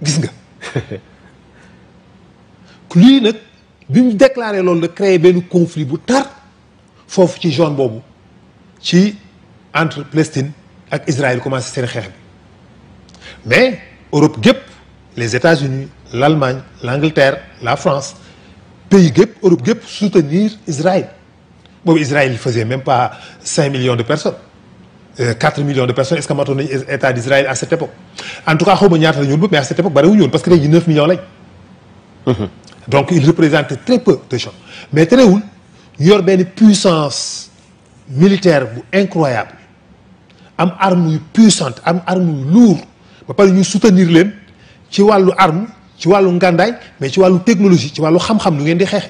gis nga [LAUGHS] lii nag bi mu déclaré loolu la créé benn conflit bu tar foofu ci zone boobu ci entre Palestine ak Israël commencé seen xeex bi mais Europe gépp les États-Unis l'Allemagne l'Angleterre la France pays gépp Europe gépp soutenir Israël boobu Israël faisait même pas cinq millions de personnes euh, quatre millions de personnes est-ce que matoon nañu état d'Israël à cette époque en tout ma ñaata la ñu mais à cette époque bari wuñu woon parce que léegi neuf millions lañ mhm. donc il représente très peu de gens mais terewul ñu yor benn puissance militaire bu incroyable am arme yu puissante am arme yu lourd ba pare ñu soutenir leen ci wàllu arme ci wàllu ngàndaay mais ci wàllu technologie ci wàllu xam-xam lu ngeen di xeex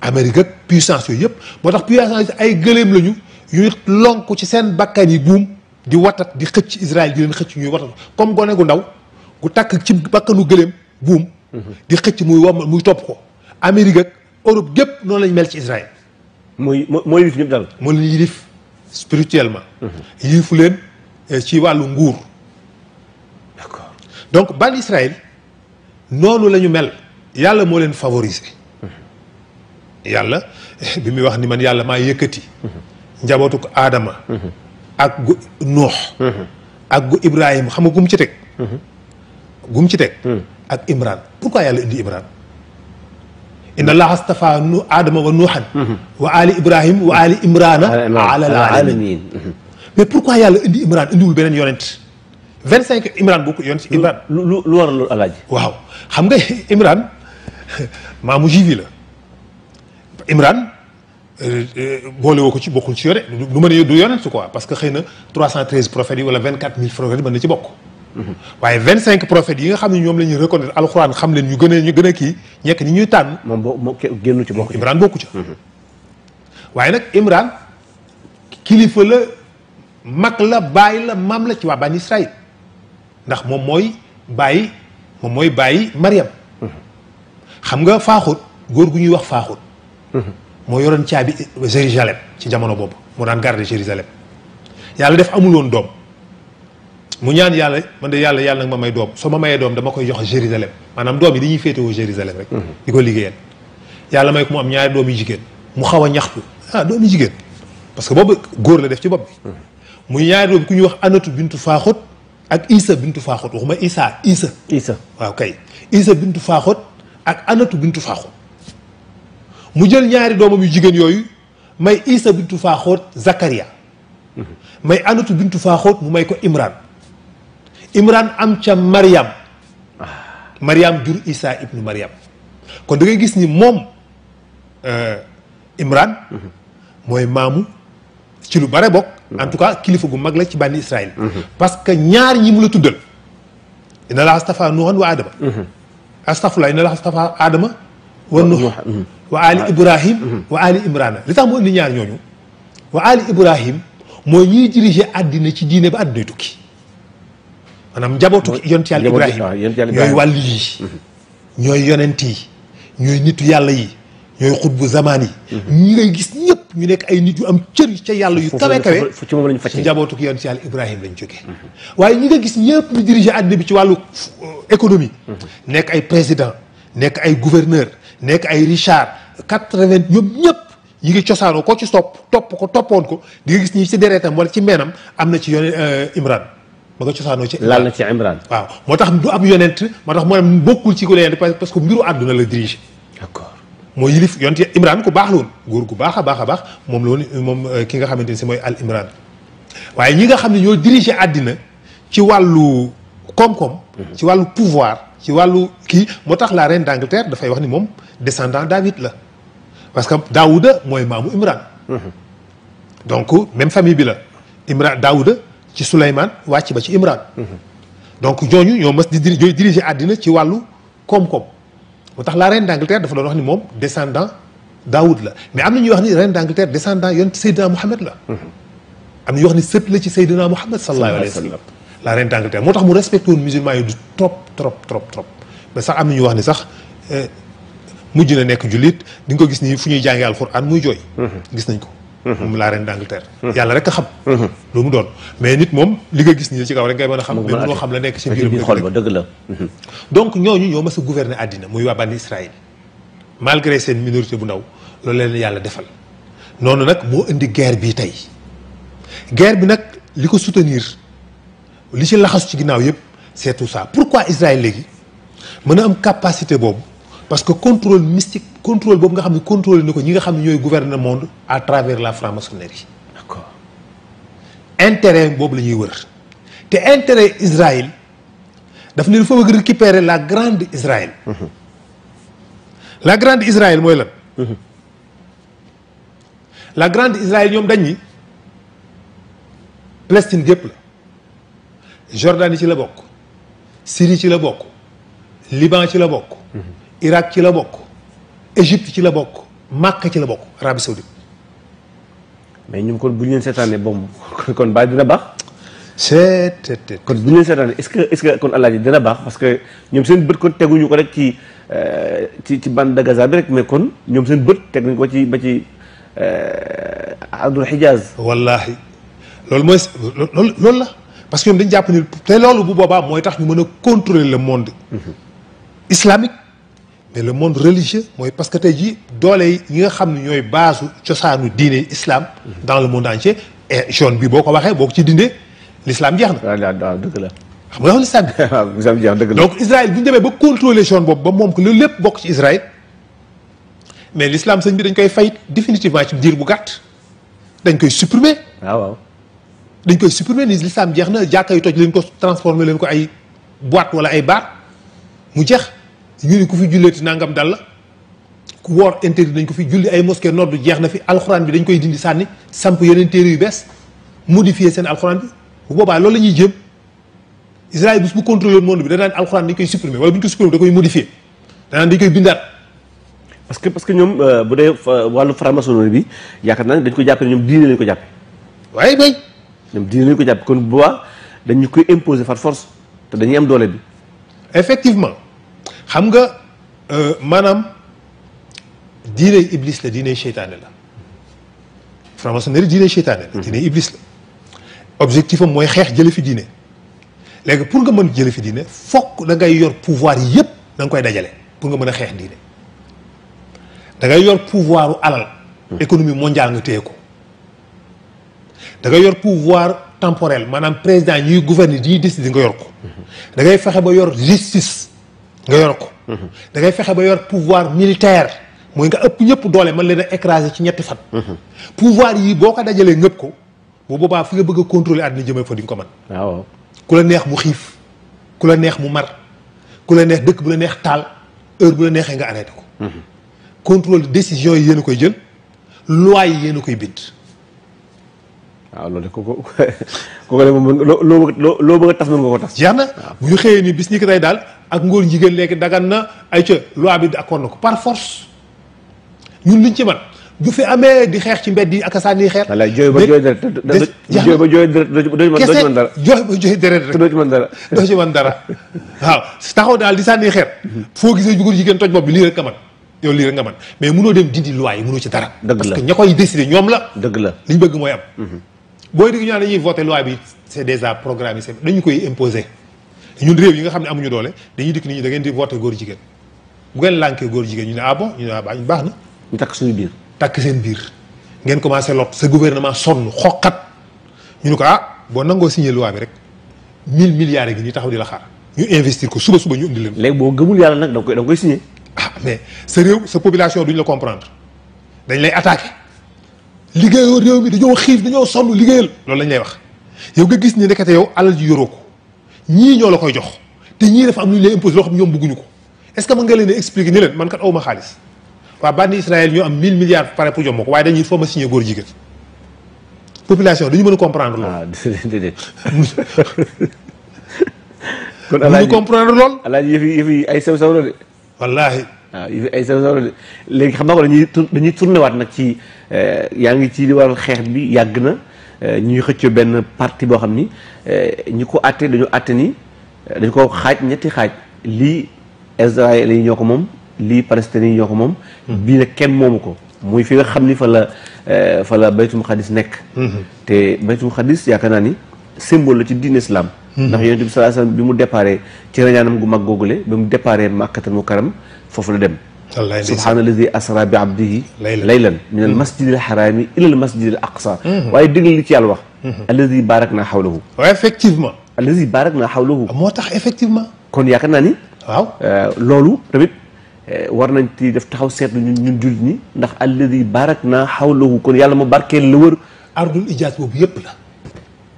Amérique ak puissance yooyu yëpp moo tax puissance ay gëléem lañu yu lonk ci seen bakkan yi buum di watat di xëcc Israël di leen xëcc ñuy watat comme gone gu ndaw gu tàkk ci bakkanu gëléem buum di xëcc muy wom muy topp ko Amérique ak Europe gépp noonu lañ mel ci Israël mooy mooy yilif ñëpp daal moo leen yilif spirituellement yilifu leen eh, ci wàllu nguur d'accord donc ban Israël noonu la ñu mel yàlla moo leen favoriser yàlla bi muy wax ni man yàlla maa yëkkati njabootu ko aadama ak gu nuux ak gu ibrahim xam nga gum ci teg gum ci teg ak imran pourquoi yàlla indi imran inna allah astafa nu aadama wa nuuxan wa ali ibrahim wa ali imrana ala al alamin mais pourquoi yàlla indi imran indiwul beneen yonent vingt cinq Imran bokk yoon ci Imran. lu lu waaw xam nga Imran maamu juif yi la Imran euh, boole ko ci bokkul ci yore du mën a du yonent quoi parce que xëy na 313 prophètes yi wala 24000 prophètes mën na ci bokk. Mhm. waaye 25 prophètes yi nga xam ne ñoom la ñuy reconnaître alxuraan xam leen ñu gën a ñu gën a kii ñekk ñi ñuy tànn. moom boo moo génn ci bokk Imran mhm. waaye nag Imran kilifa la mag la bàyyi la maam la ci waa Bani Israël. ndax moom mooy bàyyi moom mooy bàyyi Mariam. xam nga faaxut góor gu ñuy wax faaxut. moo yoroon caabi Jérusalem ci jamono boobu moo daan garder Jérusalem yàlla def amul woon doom mu ñaan yàlla man de yàlla yàlla nag ma may doom soo ma mayee doom dama koy jox Jérusalem maanaam doom yi dañuy féetewoo Jérusalem rek. di ko liggéeyal yàlla may ko mu am ñaari doom yu jigéen mu xaw a ñaxtu ah doom yu jigéen parce que boobu góor la def ci bopp bi. muy ñaari doom ku ñuy wax anatu bintu faaxut. ak Isa bintu Faaxut waxuma Isa Isa. Isa waaw kay Isa bintu Faaxut ak Anatu bintu Faaxut mu jël ñaari doomam yu jigéen yooyu may Isa bintu Faaxut Zakaria mhm. may Anatu bintu Faaxut mu may ko Imran Imran am ca Mariam ah. Mariam jur Isa ibnu Mariam kon da gis ni moom euh, Imran mhm. mooy maamu ci lu bare bokk. en tout cas kilifa gu mag la ci bànni Israël. parce que ñaar ñi mu la tuddal. inna laa astafa nuuhan wa aadama. astafurlah inna laa astafa aadama. wa nuuh wa mm-hmm. ali ibrahim mm-hmm. wa ali imrana li tax mu indi ñaar ñooñu. wa ali ibrahim mooy ñuy diriger àddina ci diine ba àddina tukki. maanaam njabootu yonent yàlla ibrahim ñooy wàll yi. Mm-hmm. ñooy yonent yi ñooy nitu yàlla yi. ñooy xut bu zamaan yi ñi ngay gis ñëpp ñu nekk ay nit yu am cër ca yàlla yu kawe kawe ci njabootuk yoon si yàlla Ibrahima lañ jógee waaye ñi nga gis ñëpp ñu dirigé àddina bi ci wàllu euh, économie nekk ay président nekk ay gouverneur nekk ay Richard quatre-vingt ñoom ñëpp ñi ngi cosaanoo ko ci topp topp ko toppoon ko di nga gis ñi ci deretam wala ci meenam am na ci yoon euh, Imran ba nga cosaanoo ci laal na ci Imran waaw moo tax du am yonent moo tax moo bokkul ci ku leen parce que mbiru àdduna la dirigé moo yilif yonte imran ku baax la woon góor gu baax a baax a baax moom loolu moom euh, ki nga xamante ni si mooy al waaye ñi nga xam ne ñoo diriger àddina ci wàllu koom-koom mhm. ci wàllu pouvoir ci wàllu kii moo tax la reine d'Angleterre dafay wax ni moom descendant David la parce que Daouda mooy maamu Imran mhm. donc même famille bi la Imran Daouda ci Souleymane wàcc ba ci Imran mhm. donc ñooñu ñoo mës di diri diriger àddina ci wàllu koom-koom moo tax la reine d'Angleterre dafa doon wax ni moom descendant Daoud la mais am na ñuy wax ni reine d'Angleterre descendant yoon ci Seydina Mouhamed la. Mm-hmm. am na ñuy wax ni sët la ci Seydina Mouhamed. sallallahu alayhi wa sallam la reine d'Angleterre moo tax mu respecté woon musulman yi du trop trop trop trop ba sax am na ñuy wax ni sax. Eh, mujj na nekk jullit di nga ko gis ni fu ñuy jàngee alxuraan muy jooy. Mm-hmm. gis nañ ko moom la reine d'Angleterre yàlla rek a xam lu mu doon mais nit moom li nga gis nii ci kaw rek ngay mën a xam mais mënoo xam la nekk ci biir xol ba dëgg la donc ñooñu ñoo mas a gouverner àddina muy waa bànni Israël malgré seen minorité bu ndaw loolu leen yàlla defal noonu nag moo indi guerre bii tey guerre bi nag li ko soutenir li ci laxasu ci ginnaaw yëpp c'est tout ça pourquoi Israël léegi mën a am capacité boobu parce que contrôle mystique contrôle boobu nga xam ne contrôle ni ko ñi nga xam ne ñooy gouverner monde à travers la franc-maçonnerie. d'accord intérêt boobu la ñuy wër te intérêt Israël daf ne dafa bëgg récupérer la grande Israël. Mhm. la grande Israël mooy lan. Mhm. la grande Israël ñoom dañ ni Palestine gépp la Jordanie ci la bokk Syrie ci la bokk Liban ci la bokk. Mhm. Irak ci la bokk Égypte ci la bokk Màkka ci la bokk Arabie Saoudite mais ñoom kon bu ñu leen seetaanee bomb [LAUGHS] kon baa dina baax. c'est kon bu ñu leen seetaanee est-ce que est-ce que kon dina baax parce que ñoom seen bët kon teguñu ko rek ci euh, ci ci bande de Gaza kon ñoom seen bët teguñu ko ci ba ci euh, ardul Hijaaz. wallaahi loolu mooy loolu loolu la parce que ñoom dañu jàpp te loolu bu boobaa mooy tax ñu mën a contrôler le monde mhm. islamique. mais le monde religieux mooy parce que tey jii doole yi nga xam ne ñooy baasu cosaanu diine islam. dans le monde entier et zone bi boo ko waxee boo ko ci dindee l'islam jeex na. waaw ah, dëgg la. xam nga l'islam islam jeex [LAUGHS] dëgg la. donc Israël bu ñu demee ba contrôler zone boobu ba moom ko loolu lépp bokk ci Israël mais l'islam sëñ bi dañ koy fay définitivement ci diir bu gàtt dañ koy supprimer. waaw ah, waaw. dañ koy supprimer l'islam jeex na jàkka yu toj leen ko transformer leen ko ay boîte wala ay bar mu jeex. ñu ni ku fi julleeti nangam dal la ku woor interdit dañ ko fi julli ay mosquée noddu jeex na fi alxuraan bi dañ koy dindi sànni samp yeneen téere yu bees modifier seen alxuraan bi bu boobaa loolu la ñuy jéem Israël bis bu contrôlé woon monde bi danaan alxuraan dañ koy supprimer wala bu ñu ko supprimer da koy modifier danaan dañ koy bindaat. parce que parce que ñoom euh, bu dee wàllu franc-maçonnerie bi yaakaar naa dañ ko jàppee ñoom diine lañ ko jàppee. waaye bay ñoom diine lañ ko jàppee kon bu boobaa dañ ñu koy imposer par force te am doole bi. effectivement. xam nga euh, maanaam diine iblis la diine seytaane la franc-maçonnerie diine seytaane la mhm. diine iblis la objectif am mooy xeex jële fi diine léegi pour nga mën jële fi diine fokk da ngay yor pouvoir yi yëpp da nga koy dajale pour nga mën a xeex diine da ngay yor pouvoiru alal mhm. économie mondiale nga téye ko da yor pouvoir temporel maanaam président ñuy gouverner di ñuy nga yor ko mhm. da fexe ba yor justice nga yor ko. Mhm. da ngay fexe ba yor pouvoir militaire mooy nga ëpp ñëpp doole mën leen a écraser ci ñetti fat mhm. pouvoir yi boo ko dajalee ñëpp ko bu boobaa fi nga bëgg a contrôler àddina jëmee fa di ko mën. Ah, waaw ku la neex mu xiif ku la neex mu mar ku la neex dëkk bu la neex taal heure bu la neexee nga arrêté ko. Mhm. contrôle décision yi yéen koy jël loi yi yéen a koy bind. waaw loolu de ku ko ko de moom loo loo bëgg a tas mën nga ko tas. jeex na bu ñu xëyee ni bis ñi ko tey daal ak ngóor jigéen léegi daggan na ay ca loi bi d'accord na ko par force ñun liñ ci man bu fi amee di xeex ci mbedd yi ak sànni xeer. voilà jooy ba jooy deret jooy ba jooy deret doo ci mën dara. jooy ba jooy deret rek doo ci mën dara. [LAUGHS] doo dara waaw taxaw daal di sànni xeer. Mhm. foo gisee góor jigéen toj bopp bi lii rek amat. yow lii rek nga man mais mënoo dem dindi loi yi mënoo ci dara. dëgg la parce que ña koy décider ñoom la. dëgg la liñ bëgg mooy am. Mhm. booy dégg ñu naan dañuy voté loi bi c'est déjà programmé c'est dañu koy imposer ñun réew yi nga xam ne amuñu doole dañuy dikk nit ñi da di voté góor jigéen bu ngeen lànkee góor jigéen ñu ne ah ñu ne ah baax na. ñu takk suñu biir. takk seen biir ngeen commencé lot sa gouvernement sonn xoqat ñu ne ko ah boo nangoo signé loi bi rek mille milliare yi ñu taxaw di la xaar ñu investir ko suba suba ñu indi leen. léegi boo gëmul yàlla nag da nga koy da nga koy ah mais sa réew sa population duñ la comprendre dañ lay attaqué. liggéeyoo réew mi dañoo xiif dañoo sonn liggéeyal loolu lañ lay wax yow nga gis ni nekkate yow alal ji yoroo ko ñii ñoo la koy jox te ñii dafa am lu ñu lay imposé loo xam ko est-ce que mën nga leen expliquer ni leen man kat awma xaalis waa bandi Israël ñoo am 1000 milliards pare pour jox ma ko waaye dañuy foo ma signé góor jigéen population dañu mën a comprendre loolu ah, [LAUGHS] kon alaaji ñu comprendre lool. alaaji yëf yi ay sew sew la de. wallaahi. waaw ah, ay sew sew la de léegi xam naa ko dañuy dañuy tourné waat nag ci. Euh, yaa ngi ci li waral xeex bi yàgg na euh, ñuy xëccoo benn parti boo xam ni euh, ñi ko àtte dañu àtte ni dañu ko xaaj ñetti xaaj lii Israël yi ñoo ko moom lii Palestine yi ñoo ko moom hmm. bii nag kenn moomu ko muy fi nga xam ni fa la fa la baytul maqdis nekk hmm. te baytul maqdis yaakaar naa ni symbole la ci diine islam hmm. ndax yonent bi sallallahu alayhi bi mu déparé ci rañaanam gu mag googule bi mu déparé Makkatal Mukarram foofu la dem subhaanallazi asra bi abdihi laylan min al hmm. masjidil xaraami ila al masjidil aqsa hmm. waaye déglu li ci yàlla wax hmm. allazi barak naa xawlahu waaw effectivement allazi barak naa xawlahu moo tax effectivement kon yaakaar naa ni waaw euh, loolu tamit euh, war nañ ci def taxaw seetlu ñun ñun jullit ñi ndax alladi barak naa xawlahu kon yàlla ma barkeel la wër ardul ijaas boobu yëpp la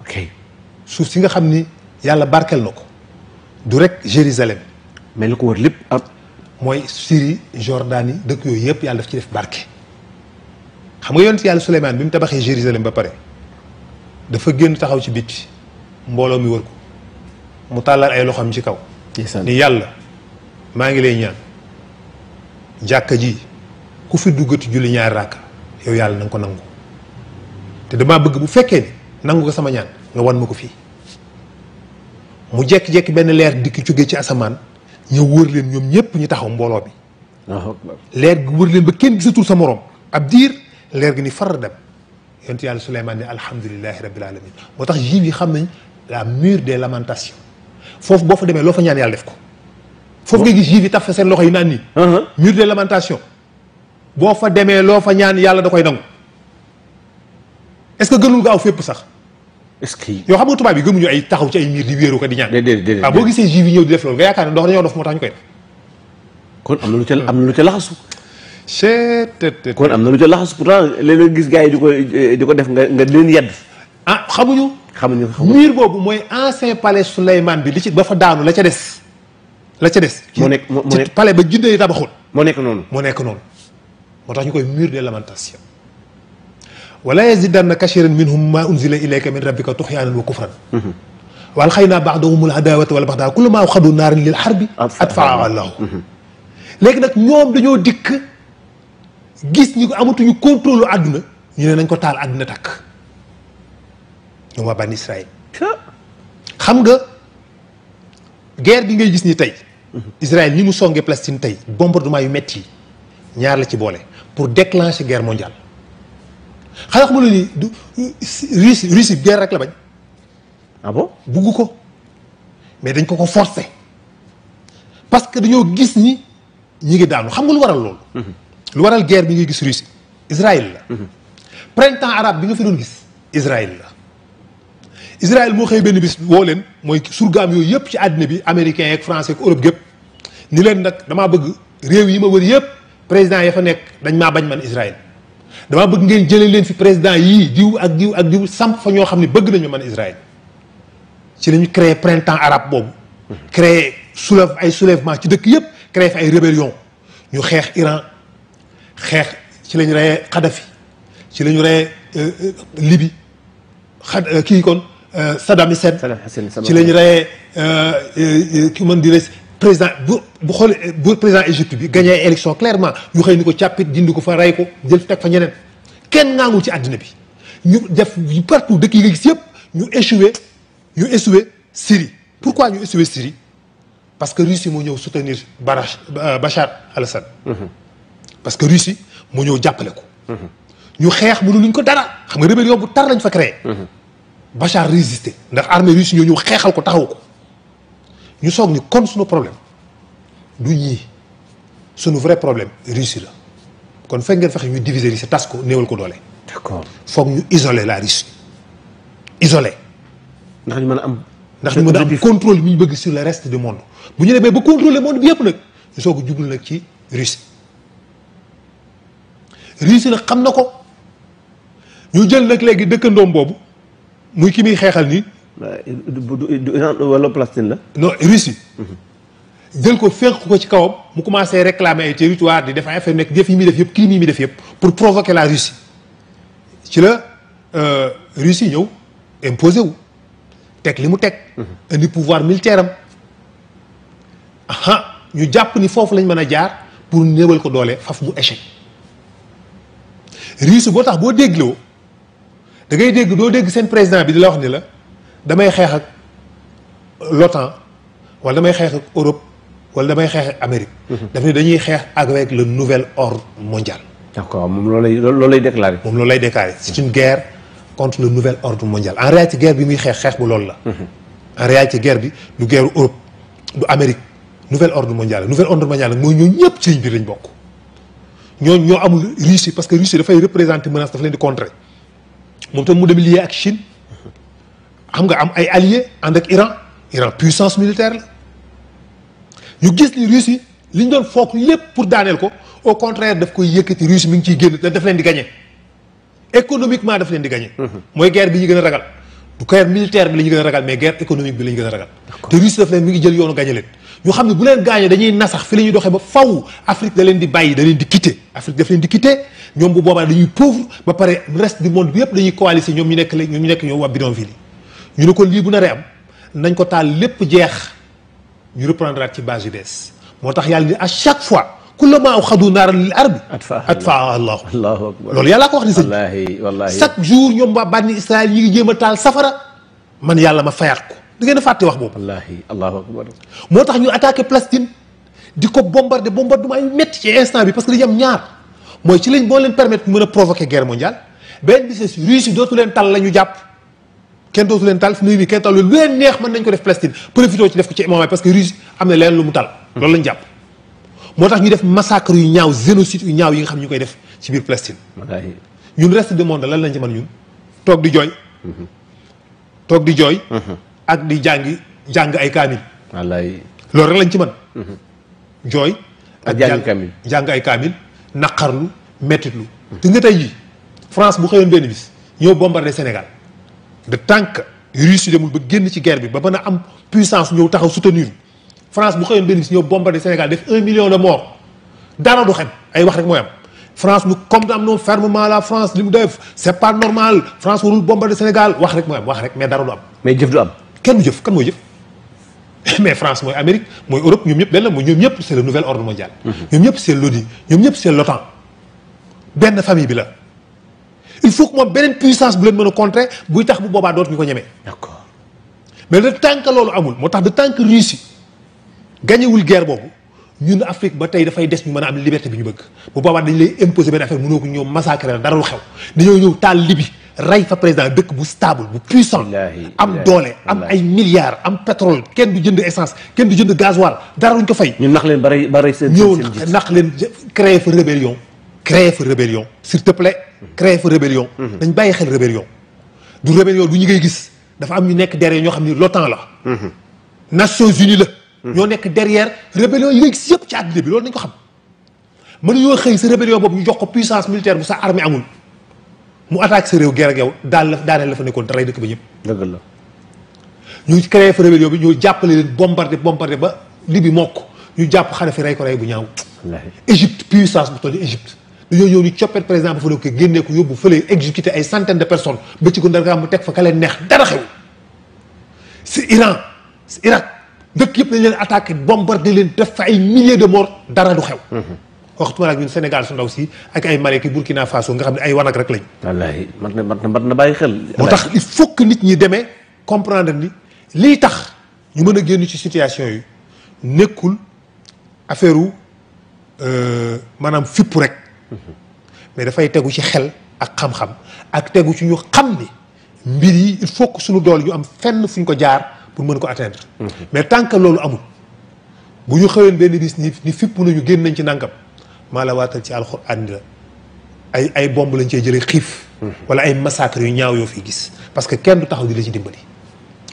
ok suuf si nga xam ni yàlla barkeel na ko du rek Jérusalem mais li ko wër lépp ah, mooy Syrie Jordanie dëkk yooyu yëpp yàlla daf ci def barke. xam nga yoon yonent yàlla Souleymane bi mu tabaxee Jérusalem ba pare dafa génn taxaw ci biti mbooloo mi wër ko mu tàllal ay loxoom ci kaw. ni yàlla maa ngi lay ñaan jàkka ji ku fi duggati julli ñaari ràkk yow yàlla na ko nangu te damaa bëgg bu fekkee ni nangu ko sama ñaan nga wan ma ko fii mu jekki-jekki benn leer dikk jóge ci asamaan. ñëw wër leen ñoom ñëpp ñu taxaw mbooloo bi leer gi wër leen ba kenn gisatul sa moroom ab diir leer gi ni far dem yonent yàlla Suleymaan ne alhamdulilahi rabbil alamin moo tax juifs yi xam nañ la mur des lamentations foofu boo fa demee loo fa ñaan yàlla def ko foofu nga gis juifs yi tax fa seen loxo yi naan nii uh-huh. mur des lamentations boo fa demee loo fa ñaan yàlla da koy nangu est-ce que gënul gaaw fépp sax est-ce que yow xam nga tubaab yi gëmuñu ay taxaw ci ay miir di wéeru ko di ñaan. déedéet déedéet waaw ah, boo gisee juif yi ñëw di def loolu nga yaakaar ne ndox dañoo dof moo tax ñu koy def. kon am na lu ca am na lu ca laxasu. c'est kon am na lu ca laxasu pourtant léeg-léeg gis gars yi di ko di ko def nga nga leen yedd. ah xamuñu. xamuñu miir boobu mooy ancien palais Souleymane bi li ci ba fa daanu la ca des. la ca des. moo nekk moo nekk ci palais ba juddee tabaxul. moo nekk noonu moo nekk noonu. moo tax ñu koy mur des lamentations wala yazidanna kasiran minhum ma unzila ilayka min rabbika tuxyaanan wa kufran mhm. wal xëy naa baadahumul adawata wala baxdaa kullu maa xadu naaran lil xarbi atfaa allahu mhm. léegi nag ñoom dañoo dikk gis ñu amatuñu contrôle àdduna ñu ne nañ ko taal àdduna takk ñoom waa bani Israël xam nga guerre bi ngay gis ni tey mhm. Israël ni mu songee Palestine tey bombardement yu metti yi ñaar la ci boole pour déclencher guerre mondial xanaa xamul ni du Russie Russie guerre rek la bañ. ah bon ko mais dañ ko ko forcer parce que dañoo gis ni ñi ngi daanu xam nga lu waral loolu. Mhm. lu waral guerre bi ngay gis Russie Israël la. Mhm. printemps arabe bi nga fi doon gis Israël la. Israël moo xëy benn bis woo leen mooy surgaam yooyu yëpp ci àddina bi américain ak français ak Europe gépp ni leen nag damaa bëgg réew yi ma wër yëpp président ya fa nekk dañ maa bañ man Israël. dama bëgg ngeen jëlee leen fi président yii diw ak diw ak diw samp fa ñoo xam ne bëgg nañu man Israël ci la ñu créé printemps arabe boobu. créé soulève ay soulèvement ci dëkk yëpp créé fi ay rébellion ñu xeex Iran xeex ci lañu ñu reyee Kadhafi ci la ñu reyee euh, euh, Libye xad euh, kii kon Saddam Hussein. ci lañu ñu reyee ki mën di président bu bu xoolee bu président Égypte bi gagné ay élection clairement yu xëy ni ko càppit dindi ko fa rey ko jël teg fa ñeneen kenn naangul ci àddina bi ñu def partout dëkk yi nga gis yëpp ñu échoué ñu échoué Syrie pourquoi ñu échoué Syrie parce que Russie moo ñëw soutenir Barash euh, Bachar al-Assad mhm. parce que Russie moo ñëw jàppale ko mhm. ñu xeex ne luñ ko dara xam nga rébellion bu tar lañ fa créé mhm. Bachar résisté ndax armée russe ñoo ñëw xeexal ko taxaw ko ñu soog ni kon suñu problème du ñii suñu vrai problème Russie la kon fekk ngeen fexe ñu diviser Russie tas ko néewal ko doole. d'accord foog ñu isoler la Russie isoler. ndax ñu mën a am. ndax ñu mën a am contrôle bi ñu bëgg sur le reste du monde bu ñu demee ba contrôler monde bi yëpp nag ñu soog a nag ci Russie réussi nag xam na ko ñu jël nag léegi dëkkandoom boobu muy ki muy xeexal nii. wala Palestine la. non Russie. jël ko fekk ko ci kawam mu commencé réclamer ay territoire di def ay affaire nekk def yi muy def yëpp crime yi muy def yëpp pour provoquer la Russie ci la euh, Russie ñëw imposé wu teg li mu teg. Mm-hmm. indi pouvoir militaire am. aha ñu jàpp ni foofu lañ mën a jaar pour néewal ko doole faf mu échec Russie boo tax boo dégloo da ngay dégg doo dégg seen président bi di la wax ni la. damay xeex ak l'OTAN wala damay xeex ak Europe wala damay xeex ak Amérique. Mhm. daf ne dañuy xeex avec le nouvel ordre mondial. d'accord moom loolu lay loolu lay déclaré. moom loolu lay déclaré c'est une guerre contre le nouvel ordre mondial en réalité guerre bi muy xeex xeex bu loolu la. Mhm. en réalité guerre bi du guerre Europe du Amérique nouvel ordre mondial nouvel ordre mondial nag mooy ñoo ñëpp ci liñ biir lañ bokk. ñoo ñoo amul Russie parce que Russie dafay représenter menace daf leen di contrer moom tam mu dem xam nga am ay alliés ànd ak Iran Iran puissance militaire la ñu gis ni Russie li ñu doon foog lépp pour daaneel ko au contraire daf koy yëkkati Russie mi ngi ciy génn te daf leen di gagné économiquement daf leen di gagné. Mhm. mooy guerre bi ñu gën a ragal. du guerre militaire bi la gën a ragal mais guerre économique bi la gën a ragal. te Russie daf leen mi ngi jël yoonu gagné leen. ñu xam ne bu leen gaañee dañuy nasax fi la ñuy ba faw Afrique da di bàyyi ñu ne ko lii bu naree am nañ ko taal lépp jeex ñu reprendre at ci base yu bees moo tax yàlla ni à chaque fois kullamaa awqadu naaran lil ardi atfaahaa allahu allahu akbar loolu yàllaa ko wax ni sëñ wallaahi chaque jour ñoom waa bànni Israël yi ngi jéem a taal safara man yàlla ma fayaat ko da ngeen a fàtte wax boobu wallaahi allahu akbar moo tax ñu attaqué Palestine di ko bombardé bombardement yu metti ci instant bi parce que dañu am ñaar mooy ci lañ boo leen permettre mën a provoquer guerre mondiale leen tal la ñu jàpp kenn dootu leen taal fi nuyu bi kenn taal lu leen neex mën nañ ko def Palestine profité hmm. moo tax ñu def massacre yu ñaaw génocide yu ñaaw yi nga xam ñu koy def ci biir Palestine ñun reste du monde lan lañ ci toog di jooy hmm. di jooy hmm. ak di jàngi jàng ay kaamil wallaay loolu rek lañ ci mën jooy ak jàng kaamil jàng ay kaamil naqarlu mettitlu te nga ji France bu xëyoon benn bis ñëw bombardé Sénégal de tant que Russie demul ba génn ci guerre bi ba mën a am puissance ñëw taxaw soutenir France bu xëyoon benn si ñëw bombardé Sénégal def un million de morts dara du xem ay wax rek mooy am France nous condamnons fermement la France li mu def c'est pas normal France warul bombarder Sénégal wax rek mooy am wax rek mais dara du am. mais jëf du am. kenn du jëf kan mooy jëf [LAUGHS] mais France mooy Amérique mooy Europe ñoom ñëpp benn mooy ñoom ñëpp c'est le nouvel ordre mondial. Mm-hmm. ñoom ñëpp c'est l'ONU ñoom ñëpp benn famille bi la. il faut que moom beneen puissance bu leen mën a contrer buy tax bu boobaa dootuñu ko ñemee. d'accord mais le tant loolu amul moo tax de tànk que Russie gañewul guerre boobu ñun Afrique ba tey dafay des ñu mën a am liberté bi ñu bëgg bu boobaa dañ lay imposer benn affaire mënoo ko ñëw massacrer la dara lu xew dañoo ñëw taal Libye rey fa président dëkk bu stable bu puissant am doole am ay milliards am pétrole kenn du jënd essence kenn du jënd gasoil dara luñ ko fay. ñu nax leen ba rey ba rey seen ñëw nax leen créer créer fa rébellion s'il te plaît créer fa rébellion dañ mhm. bàyyi xel rébellion du rébellion du ñu ngay gis dafa am ñu nekk derrière ñoo xam ni l'OTAN la mhm. Nations Unies la mhm. ñoo nekk derrière rébellion yi ngay gis yëpp ci àddina bi loolu nañ ko xam mën yoo xëy sa rébellion boobu ñu jox ko puissance militaire bu sa armée amul mu attaque sa réew guerre ak yow daal la daaneel la fa nekkoon rey dëkk ba ñëpp dëgg la ñu créé fa rébellion bi ñu jàppale leen bombardé bombardé ba Libye mokk ñu jàpp Kadhafi rey ko rey bu ñaaw Égypte dañoo ñëw coppet par exemple fa ko génnee ko yóbbu fële exécuté ay centaines de personnes ba ci ko ndar mu teg fa ka leen neex dara xew si Iran si Irak dëkk yëpp dañ leen attaqué bombardé leen def fa ay milliers de morts dara du xew. Mhm. waxtuma ak ñun Sénégal su ndaw si ak ay Mali ki Burkina Faso nga xam ne ay wanag rek lañ. wallaahi mat na man na mat na bàyyi xel. moo tax il faut nit ñi demee comprendre ni lii tax ñu mën a génn ci situation yi nekkul affaire wu euh, maanaam fippu mais dafay tegu ci xel ak xam-xam ak tegu ci ñu xam ni mbir yi il faut suñu dool yu am fenn fuñ ko jaar pour mën ko atteindre mhm. mais tant que loolu amul bu ñu xëyoon benn bis ni ni fipp nañu génn nañ ci nangam maa la waatal ci alxuraan ni la ay ay bomb lañ cee jële xiif mhm. wala ay massacre yu ñaaw yoo fi gis parce que kenn du taxaw di la ci dimbali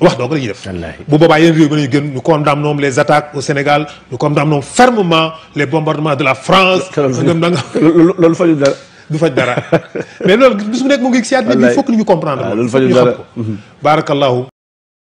wax donc la ñuy def bu boobaa yeneen réew bi nañu gën ñu condamnons les attaques au Sénégal ñu condamnons fermement les bombardements de la France ngam danga [LAUGHS] loolu faju dara du faj dara [LAUGHS] mais loolu bis bu nekk mu ngi si àddina bi il faut ñu comprendre loolu ah, faju dara mhm. baarakallahu